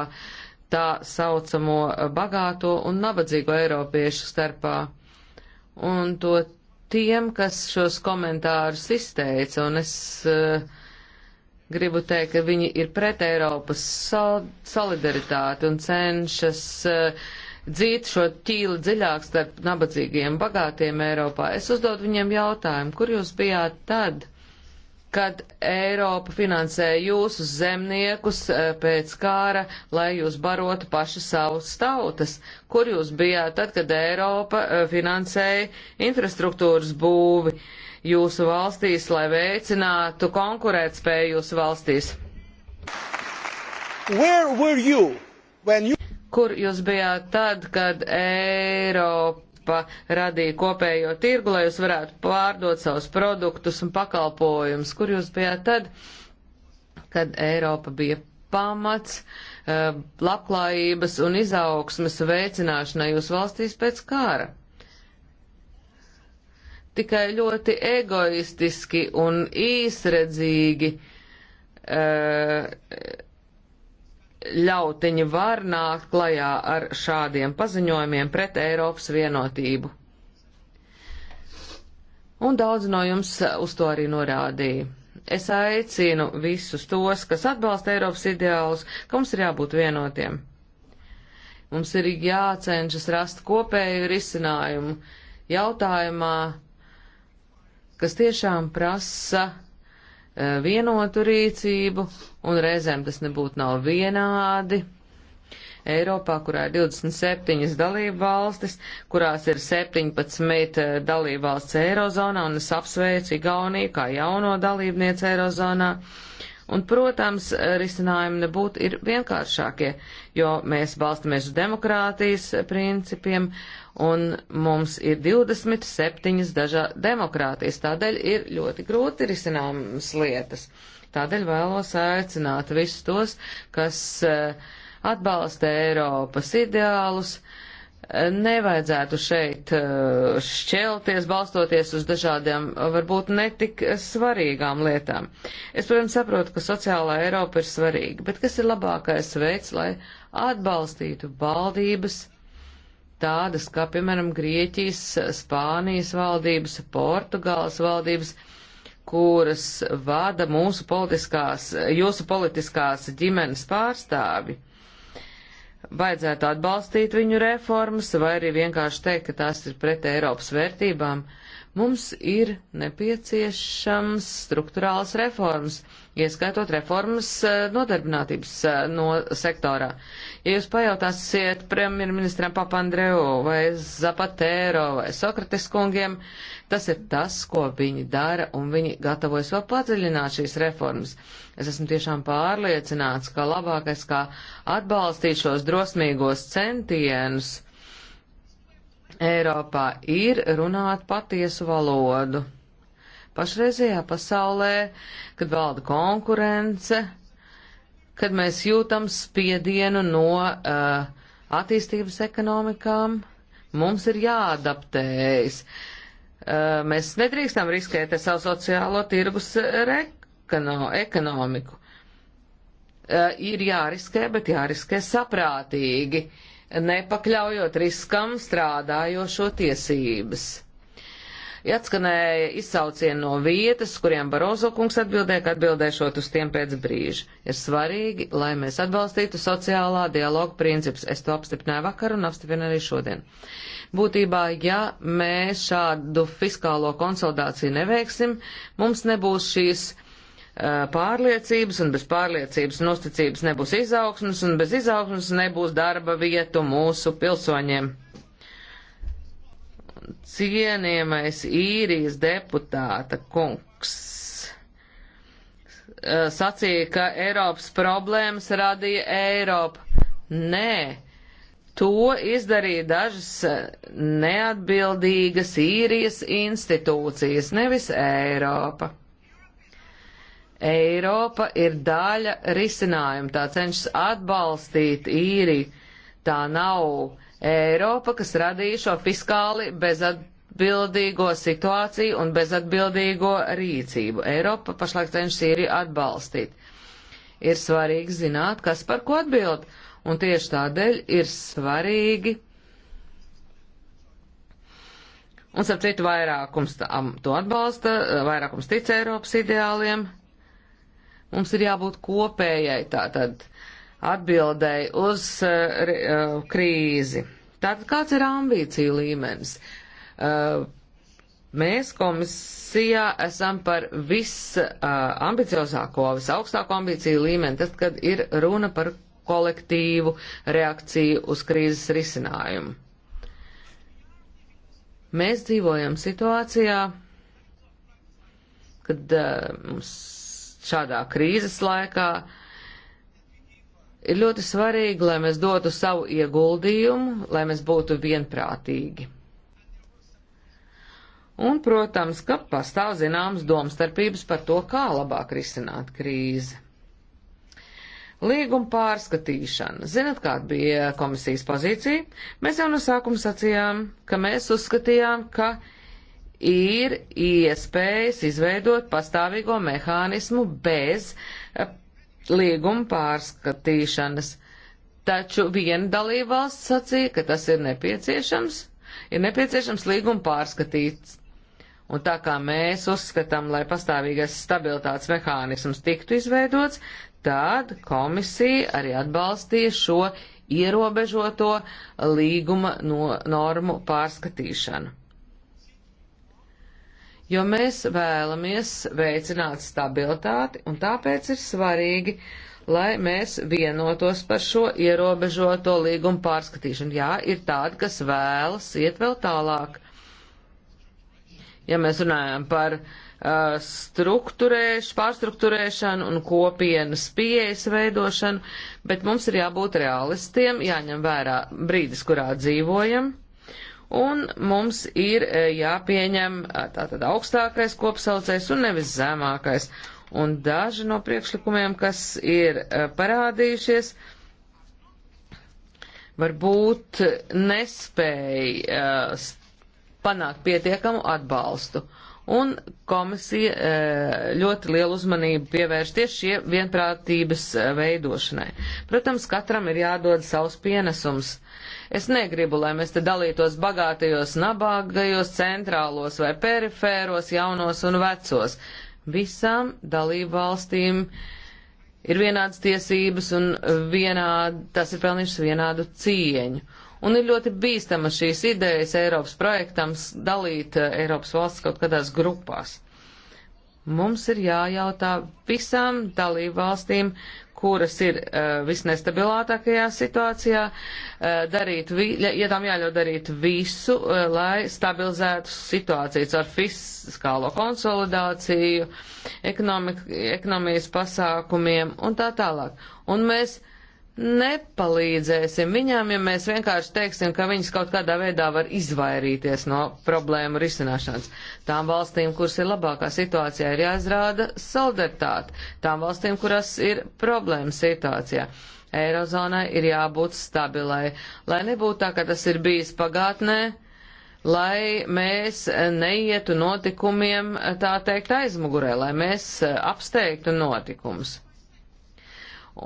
tā saucamo bagāto un nabadzīgo Eiropiešu starpā. Un to tiem, kas šos komentārus izteica, un es uh, gribu teikt, ka viņi ir pret Eiropas solidaritāti un cenšas eh, dzīt šo ķīli dziļāk starp nabadzīgiem bagātiem Eiropā. Es uzdodu viņiem jautājumu, kur jūs bijāt tad, kad Eiropa finansēja jūsu zemniekus eh, pēc kāra, lai jūs barotu paši savus tautas? Kur jūs bijāt tad, kad Eiropa eh, finansēja infrastruktūras būvi? Uh, jūsu valstīs, lai veicinātu konkurētspēju jūsu valstīs? You you... Kur jūs bijāt tad, kad Eiropa radīja kopējo tirgu, lai jūs varētu pārdot savus produktus un pakalpojumus? Kur jūs bijāt tad, kad Eiropa bija pamats eh, labklājības un izaugsmes veicināšanai jūsu valstīs pēc kāra? tikai ļoti egoistiski un īsredzīgi eh, ļautiņi var nākt klajā ar šādiem paziņojumiem pret Eiropas vienotību. Un daudz no jums uz to arī norādīja. Es aicinu visus tos, kas atbalsta Eiropas ideālus, ka mums ir jābūt vienotiem. Mums ir jācenšas rast kopēju risinājumu jautājumā, kas tiešām prasa e, vienotu rīcību, un reizēm tas nebūtu nav vienādi. Eiropā, kurā ir 27 dalību valstis, kurās ir 17 e, dalību valsts Eirozonā, un es apsveicu Igauniju kā jauno dalībnieci Eirozonā. Uh, Un, protams, risinājumi nebūtu ir vienkāršākie, jo mēs balstamies uz demokrātijas principiem, un mums ir 27 dažā demokrātijas. Tādēļ ir ļoti grūti risināmas lietas. Tādēļ vēlos aicināt visus tos, kas eh, atbalsta Eiropas ideālus, nevajadzētu šeit eh, šķelties, balstoties uz dažādiem, varbūt netik svarīgām lietām. Es, protams, saprotu, ka sociālā Eiropa ir svarīga, bet kas ir labākais veids, lai atbalstītu valdības, tādas kā, piemēram, Grieķijas, Spānijas valdības, Portugāles valdības, kuras vada mūsu politiskās, jūsu politiskās ģimenes pārstāvi? vajadzētu atbalstīt viņu reformas, vai arī vienkārši teikt, ka tās ir pret Eiropas vērtībām. Mums ir nepieciešams struktūrāls reformas, ieskaitot reformas eh, nodarbinātības eh, no sektorā. Ja jūs pajautāsiet premjerministram Papandreu vai Zapatero vai Sokrates kungiem, uh, Tas ir tas, ko viņi dara, un viņi gatavojas vēl padziļināt šīs reformas. Es esmu tiešām pārliecināts, ka labākais, kā atbalstīt šos drosmīgos centienus Eiropā, ir runāt patiesu valodu. Pašreizajā pasaulē, kad valda konkurence, kad mēs jūtam spiedienu no uh, attīstības ekonomikām, mums ir jāadaptējas. Uh, Eh, mēs nedrīkstam riskēt ar savu sociālo tirgus eh, ekonomiku. Eh, ir jāriskē, bet jāriskē saprātīgi, nepakļaujot riskam strādājošo tiesības atskanēja izsaucieni no vietas, kuriem Barozo kungs atbildēja, ka atbildēšot uz tiem pēc brīža. Ir svarīgi, lai mēs atbalstītu sociālā dialoga principus. Es to apstiprināju vakar un apstiprinu arī šodien. Būtībā, ja mēs šādu fiskālo konsolidāciju neveiksim, mums nebūs šīs pārliecības, un bez pārliecības un uzticības nebūs izaugsmas, un bez izaugsmas nebūs darba vietu mūsu pilsoņiem cienījamais īrijas deputāta kungs eh, sacīja, ka Eiropas problēmas radīja Eiropa. Nē, to izdarīja dažas neatbildīgas īrijas institūcijas, nevis Eiropa. Eiropa ir daļa risinājuma, tā cenšas atbalstīt īriju. Tā nav uh, Eiropa, kas radīja šo fiskāli bezatbildīgo situāciju un bezatbildīgo rīcību. Eiropa pašlaik cenšas Sīriju atbalstīt. Ir svarīgi zināt, kas par ko atbild, un tieši tādēļ ir svarīgi. Un, starp citu, vairākums to atbalsta, vairākums tic Eiropas ideāliem. Mums ir jābūt kopējai tātad. Tā atbildēji uz uh, krīzi. Tātad kāds ir ambīciju līmenis? Uh, mēs komisijā esam par visambiciozāko, uh, visaugstāko ambīciju līmeni, tad, kad ir runa par kolektīvu reakciju uz krīzes risinājumu. Mēs dzīvojam situācijā, kad uh, mums šādā krīzes laikā uh, Ir ļoti svarīgi, lai mēs dotu savu ieguldījumu, lai mēs būtu vienprātīgi. Un, protams, ka pastāv zināmas domstarpības par to, kā labāk risināt krīzi. Līguma pārskatīšana. Zinat, kāda bija komisijas pozīcija? Mēs jau no sākuma sacījām, ka mēs uzskatījām, ka ir iespējas izveidot pastāvīgo mehānismu bez līguma pārskatīšanas, taču viena dalībvalsts sacīja, ka tas ir nepieciešams, ir nepieciešams līguma pārskatīts. Un tā kā mēs uzskatām, lai pastāvīgais stabilitātes mehānisms tiktu izveidots, tad komisija arī atbalstīja šo ierobežoto līguma no normu pārskatīšanu jo mēs vēlamies veicināt stabilitāti, un tāpēc ir svarīgi, lai mēs vienotos par šo ierobežoto līgumu pārskatīšanu. Jā, ir tādi, kas vēlas iet vēl tālāk. Ja mēs runājam par uh, struktūrēšanu, pārstruktūrēšanu un kopienas pieejas veidošanu, bet mums ir jābūt realistiem, jāņem vērā brīdis, kurā dzīvojam. Uh, un mums ir e, jāpieņem e, tātad augstākais kopsaucējs un nevis zemākais. Un daži no priekšlikumiem, kas ir e, parādījušies, varbūt nespēja panākt pietiekamu atbalstu. Un komisija ļoti lielu uzmanību pievērš tieši šie vienprātības veidošanai. Protams, katram ir jādod savs pienesums Es negribu, lai mēs te dalītos bagātajos, nabāgajos, centrālos vai perifēros, jaunos un vecos. Visām dalību valstīm ir vienādas tiesības un vienādi, tas ir pelnījušas vienādu cieņu. Un ir ļoti bīstama šīs idejas Eiropas projektams dalīt eh, Eiropas valsts kaut kādās grupās. Mums ir jājautā visām dalību valstīm, kuras ir uh, visnestabilātākajā situācijā, uh, darīt, vi, ja tām jāļauj darīt visu, uh, lai stabilizētu situācijas ar fiskālo konsolidāciju, ekonomik, ekonomijas pasākumiem un tā tālāk. Un mēs uh, nepalīdzēsim viņām, ja mēs vienkārši teiksim, ka viņas kaut kādā veidā var izvairīties no problēmu risināšanas. Tām valstīm, kuras ir labākā situācijā, ir jāizrāda solidaritāte. Tām valstīm, kuras ir problēma situācijā. Eirozonai ir jābūt stabilai, lai nebūtu tā, ka tas ir bijis pagātnē, lai mēs neietu notikumiem, tā teikt, aizmugurē, lai mēs apsteigtu notikumus.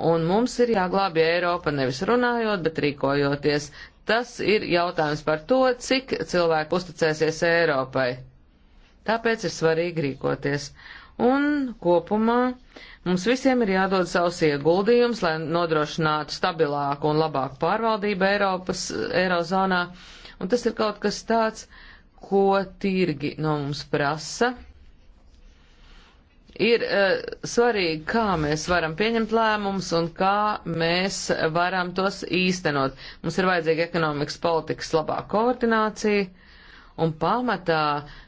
Un mums ir jāglābj Eiropa nevis runājot, bet rīkojoties. Tas ir jautājums par to, cik cilvēku uzticēsies Eiropai. Tāpēc ir svarīgi rīkoties. Un kopumā mums visiem ir jādod savs ieguldījums, lai nodrošinātu stabilāku un labāku pārvaldību Eiropas, Eirozonā. Un tas ir kaut kas tāds, ko tirgi no mums prasa ir uh, svarīgi, kā mēs varam pieņemt lēmumus un kā mēs varam tos īstenot. Mums ir vajadzīga ekonomikas politikas labāka koordinācija, un pamatā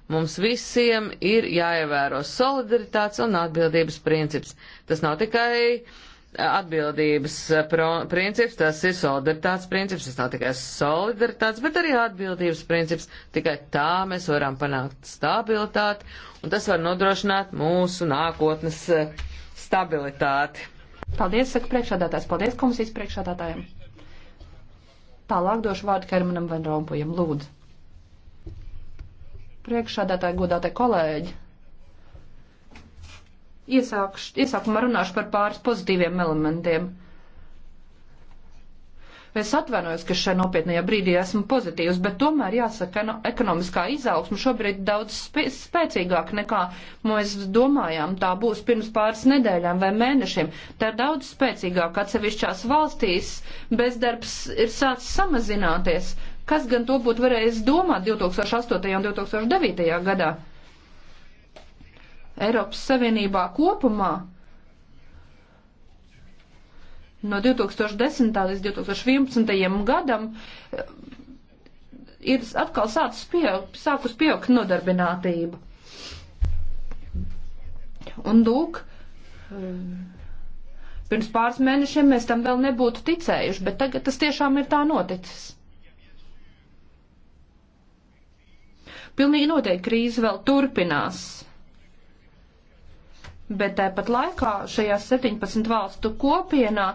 mums visiem ir jāievēro solidaritātes un atbildības princips. Tas nav tikai uh, atbildības eh, princips, tas ir solidaritātes princips, tas nav tikai solidaritātes, bet arī atbildības princips. Tikai tā mēs varam panākt stabilitāti, un tas var nodrošināt mūsu nākotnes eh, stabilitāti. Paldies, saka priekšādātājs. Paldies komisijas priekšādātājiem. Tālāk došu vārdu Hermanam Van Rompujam. Lūdzu. Priekšādātāji, godātie kolēģi. Iesākš, iesākumā runāšu par pāris pozitīviem elementiem. Es atvainojos, ka šajā nopietnajā brīdī esmu pozitīvs, bet tomēr jāsaka, no, ekonomiskā izaugsme šobrīd ir daudz spē spēcīgāk nekā mēs domājām. Tā būs pirms pāris nedēļām vai mēnešiem. Tā ir daudz spēcīgāk. Atsevišķās valstīs bezdarbs ir sācis samazināties. Kas gan to būtu varējis domāt 2008. un 2009. gadā? Eiropas Savienībā kopumā no 2010. līdz 2011. gadam eh, ir atkal sākus pieaugt, sākus pieaugt nodarbinātība. Un lūk, eh, pirms pāris mēnešiem mēs tam vēl nebūtu ticējuši, bet tagad tas tiešām ir tā noticis. Pilnīgi noteikti krīze vēl turpinās. Bet tāpat laikā šajā 17 valstu kopienā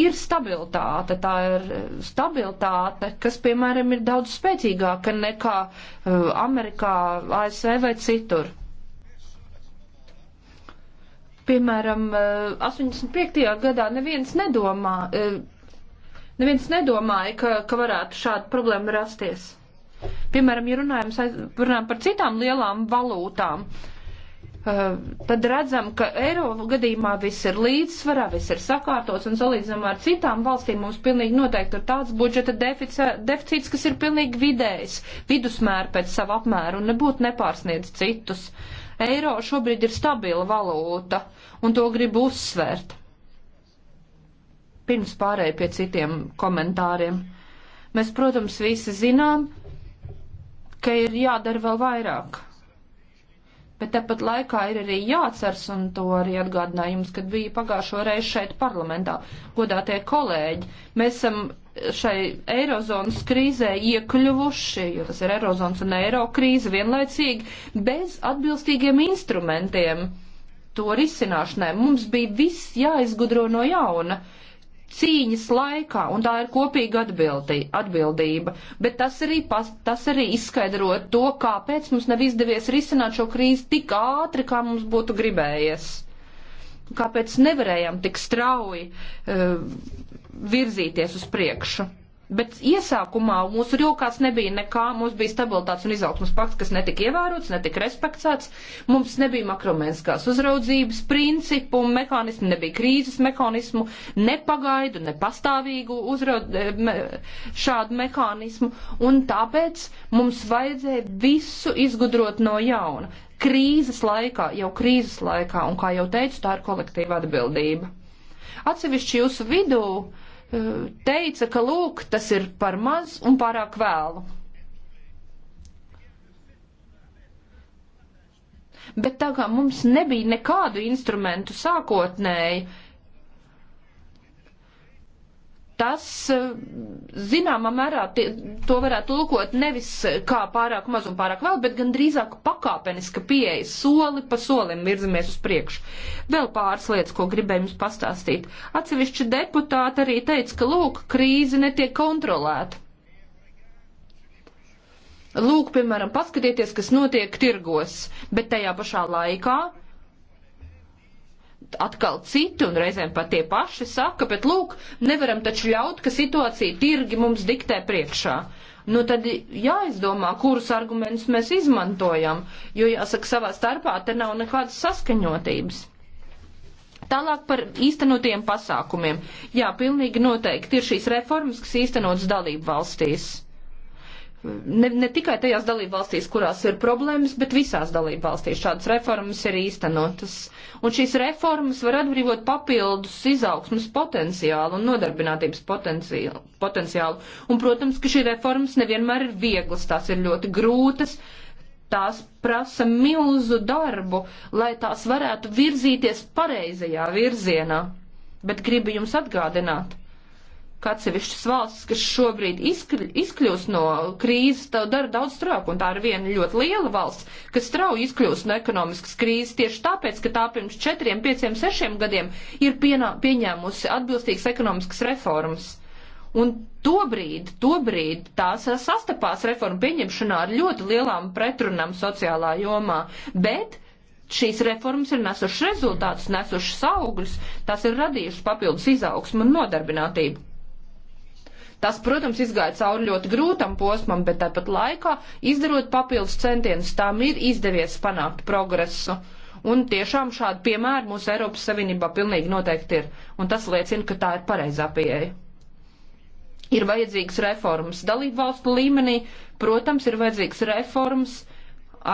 ir stabilitāte. Tā ir stabilitāte, kas, piemēram, ir daudz spēcīgāka nekā uh, Amerikā, ASV vai citur. Piemēram, 85. Uh, gadā neviens nedomā, uh, neviens nedomāja, ka, ka varētu šāda problēma rasties. Piemēram, ja runājam, runājam par citām lielām valūtām, uh, Eh, tad redzam, ka Eiropa gadījumā viss ir līdzsvarā, viss ir sakārtots un salīdzinām ar citām valstīm mums pilnīgi noteikti ir tāds budžeta deficīts, kas ir pilnīgi vidējs, vidusmēra pēc savu apmēru un nebūtu nepārsniedz citus. Eiro šobrīd ir stabila valūta un to gribu uzsvērt. Pirms pārēju pie citiem komentāriem. Mēs, protams, visi zinām, ka ir jādara vēl vairāk bet tāpat laikā ir arī jāceras, un to arī atgādināju jums, kad bija pagājušo reizi šeit parlamentā, godātie kolēģi. Mēs esam šai eirozonas krīzē iekļuvuši, jo tas ir eirozonas un eiro krīze vienlaicīgi, bez atbilstīgiem instrumentiem to risināšanai. Mums bija viss jāizgudro no jauna. Uh, cīņas laikā, un tā ir kopīga atbildība. Bet tas arī, pas, tas arī izskaidro to, kāpēc mums nav izdevies risināt šo krīzi tik ātri, kā mums būtu gribējies. Kāpēc nevarējām tik strauji uh, virzīties uz priekšu bet iesākumā mūsu rokās nebija nekā, mums bija stabilitātes un izaugsmas pakts, kas netika ievērots, netika respektēts, mums nebija makromenskās uzraudzības principu un mehānismu, nebija krīzes mehānismu, ne pagaidu, ne pastāvīgu uzraud, eh, šādu mehānismu, un tāpēc mums vajadzēja visu izgudrot no jauna. Krīzes laikā, jau krīzes laikā, un kā jau teicu, tā ir kolektīva atbildība. Atsevišķi jūsu vidū uh, teica, ka lūk, tas ir par maz un pārāk vēlu. Bet tā kā mums nebija nekādu instrumentu sākotnēji, tas, eh, zināmā mērā, tie, to varētu tulkot nevis eh, kā pārāk maz un pārāk vēl, bet gan drīzāk pakāpeniska pieeja, soli pa solim virzamies uz priekšu. Vēl pāris lietas, ko gribēju jums pastāstīt. Atsevišķi deputāti arī teica, ka, lūk, krīze netiek kontrolēta. Lūk, piemēram, paskatieties, kas notiek tirgos, bet tajā pašā laikā atkal citi un reizēm pat tie paši saka, bet lūk, nevaram taču ļaut, ka situācija tirgi mums diktē priekšā. Nu tad jāizdomā, kurus argumentus mēs izmantojam, jo jāsaka savā starpā te nav nekādas saskaņotības. Tālāk par īstenotiem pasākumiem. Jā, pilnīgi noteikti ir šīs reformas, kas īstenotas dalību valstīs ne, ne tikai tajās dalībvalstīs, kurās ir problēmas, bet visās dalībvalstīs šādas reformas ir īstenotas. Un šīs reformas var atbrīvot papildus izaugsmas potenciālu un nodarbinātības potenciālu. potenciālu. Un, protams, ka šī reformas nevienmēr ir vieglas, tās ir ļoti grūtas, tās prasa milzu darbu, lai tās varētu virzīties pareizajā virzienā. Bet gribu jums atgādināt, ka atsevišķas valstis, kas šobrīd izkļūst no krīzes, tev dara daudz strāk, un tā ir viena ļoti liela valsts, kas strauji izkļūst no ekonomiskas krīzes tieši tāpēc, ka tā pirms četriem, pieciem, sešiem gadiem ir pienā, pieņēmusi atbilstīgas ekonomiskas reformas. Un tobrīd, tobrīd tās sastapās reformu pieņemšanā ar ļoti lielām pretrunām sociālā jomā, bet šīs reformas ir nesušas rezultātus, nesušas augļus, tās ir radījušas papildus izaugsmu un nodarbinātību. Tas, protams, izgāja cauri ļoti grūtam posmam, bet tāpat laikā, izdarot papildus centienus, tām ir izdevies panākt progresu. Un tiešām šādi piemēri mūsu Eiropas Savienībā pilnīgi noteikti ir. Un tas liecina, ka tā ir pareizā pieeja. Ir vajadzīgas reformas dalību valstu līmenī, protams, ir vajadzīgas reformas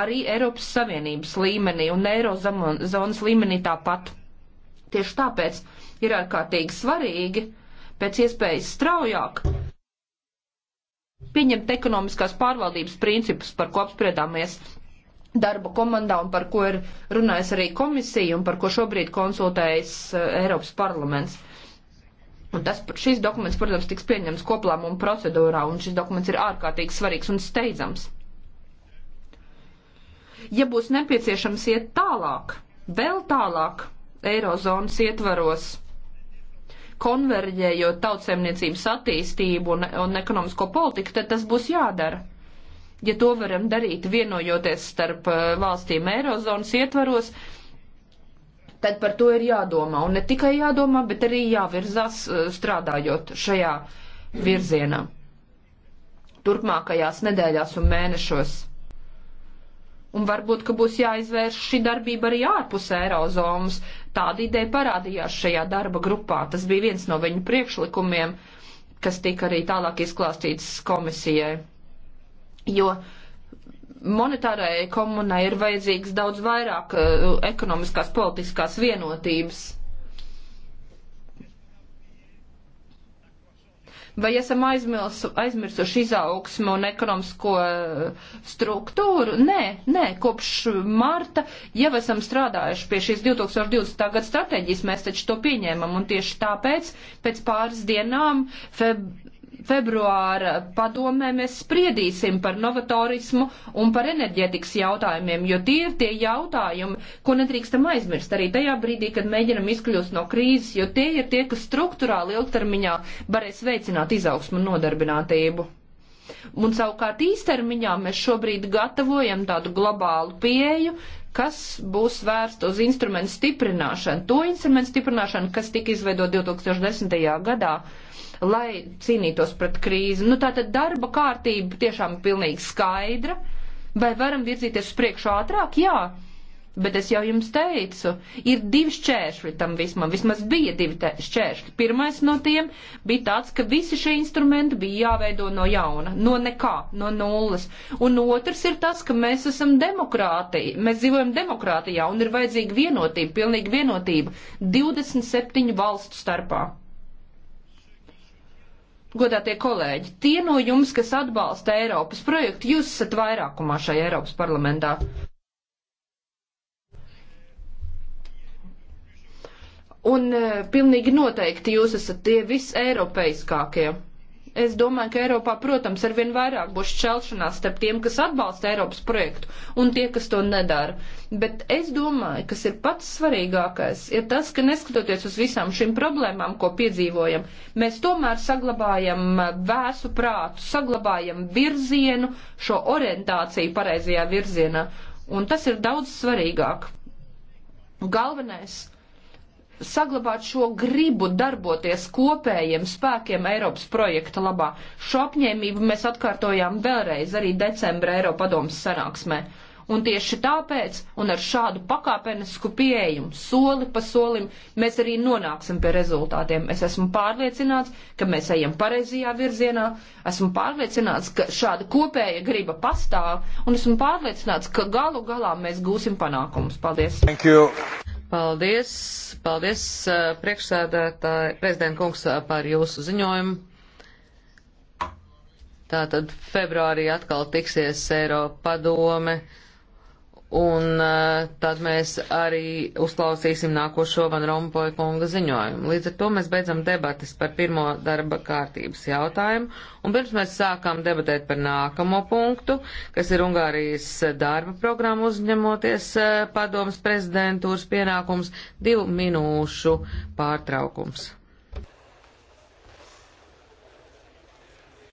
arī Eiropas Savienības līmenī un Eirozonas līmenī tāpat. Tieši tāpēc ir ārkārtīgi svarīgi pēc iespējas straujāk pieņemt ekonomiskās pārvaldības principus, par ko apspriedāmies darba komandā un par ko ir runājis arī komisija un par ko šobrīd konsultējas eh, Eiropas parlaments. Un tas, šis dokuments, protams, tiks pieņemts koplāmuma procedūrā, un šis dokuments ir ārkārtīgi svarīgs un steidzams. Ja būs nepieciešams iet tālāk, vēl tālāk, Eirozonas ietvaros, konverģējot tautsēmniecības attīstību un, un ekonomisko politiku, tad tas būs jādara. Ja to varam darīt vienojoties starp uh, valstīm Eirozonas ietvaros, tad par to ir jādomā. Un ne tikai jādomā, bet arī jāvirzās uh, strādājot šajā virzienā turpmākajās nedēļās un mēnešos. Un varbūt, ka būs jāizvērš šī darbība arī ārpus eirozonas, Tāda ideja parādījās šajā darba grupā. Tas bija viens no viņu priekšlikumiem, kas tika arī tālāk izklāstīts komisijai. Jo monetārai komunai ir vajadzīgs daudz vairāk eh, ekonomiskās politiskās vienotības Vai esam aizmils, aizmirsuši izaugsmu un ekonomisko eh, struktūru? Nē, nē, kopš marta jau esam strādājuši pie šīs 2020. gada stratēģijas, mēs taču to pieņēmam un tieši tāpēc pēc pāris dienām feb februāra padomē mēs spriedīsim par novatorismu un par enerģetikas jautājumiem, jo tie ir tie jautājumi, ko nedrīkstam aizmirst arī tajā brīdī, kad mēģinam izkļūst no krīzes, jo tie ir tie, kas struktūrāli ilgtermiņā varēs veicināt izaugsmu un nodarbinātību. Un savukārt īstermiņā mēs šobrīd gatavojam tādu globālu pieeju, kas būs vērsta uz instrumentu stiprināšanu. To instrumentu stiprināšanu, kas tika izveidot 2010. gadā, lai cīnītos pret krīzi. Nu, tātad darba kārtība tiešām ir pilnīgi skaidra. Vai varam virzīties uz priekšu ātrāk? Jā. Bet es jau jums teicu, ir divi šķēršļi tam vismaz. Vismaz bija divi šķēršļi. Pirmais no tiem bija tāds, ka visi šie instrumenti bija jāveido no jauna, no nekā, no nulles. Un otrs ir tas, ka mēs esam demokrātija, mēs dzīvojam demokrātijā un ir vajadzīga vienotība, pilnīga vienotība 27 valstu starpā godātie kolēģi, tie no jums, kas atbalsta Eiropas projektu, jūs esat vairākumā šajā Eiropas parlamentā. Un eh, pilnīgi noteikti jūs esat tie viseiropeiskākie es domāju, ka Eiropā, protams, arvien vairāk būs šķelšanās starp tiem, kas atbalsta Eiropas projektu un tie, kas to nedara. Bet es domāju, kas ir pats svarīgākais, ir tas, ka neskatoties uz visām šīm problēmām, ko piedzīvojam, mēs tomēr saglabājam eh, vēsu prātu, saglabājam virzienu, šo orientāciju pareizajā virzienā. Un tas ir daudz svarīgāk. Galvenais saglabāt šo gribu darboties kopējiem spēkiem Eiropas projekta labā. Šo apņēmību mēs atkārtojām vēlreiz arī decembra Eiropadomas sanāksmē. Un tieši tāpēc, un ar šādu pakāpenisku pieejumu, soli pa solim, mēs arī nonāksim pie rezultātiem. Es esmu pārliecināts, ka mēs ejam pareizajā virzienā, esmu pārliecināts, ka šāda kopēja griba pastāv, un esmu pārliecināts, ka galu galā mēs gūsim panākumus. Paldies! Thank you. Paldies, paldies priekšsēdētāji, prezidenta kungs par jūsu ziņojumu. Tātad februārī atkal tiksies Eiropa padome. Un eh, tad mēs arī uzklausīsim nākošo Van Rompoja kunga ziņojumu. Līdz ar to mēs beidzam debatas par pirmo darba kārtības jautājumu. Un pirms mēs sākām debatēt par nākamo punktu, kas ir Ungārijas darba programma uzņemoties eh, padomas prezidentūras pienākums, divu minūšu pārtraukums.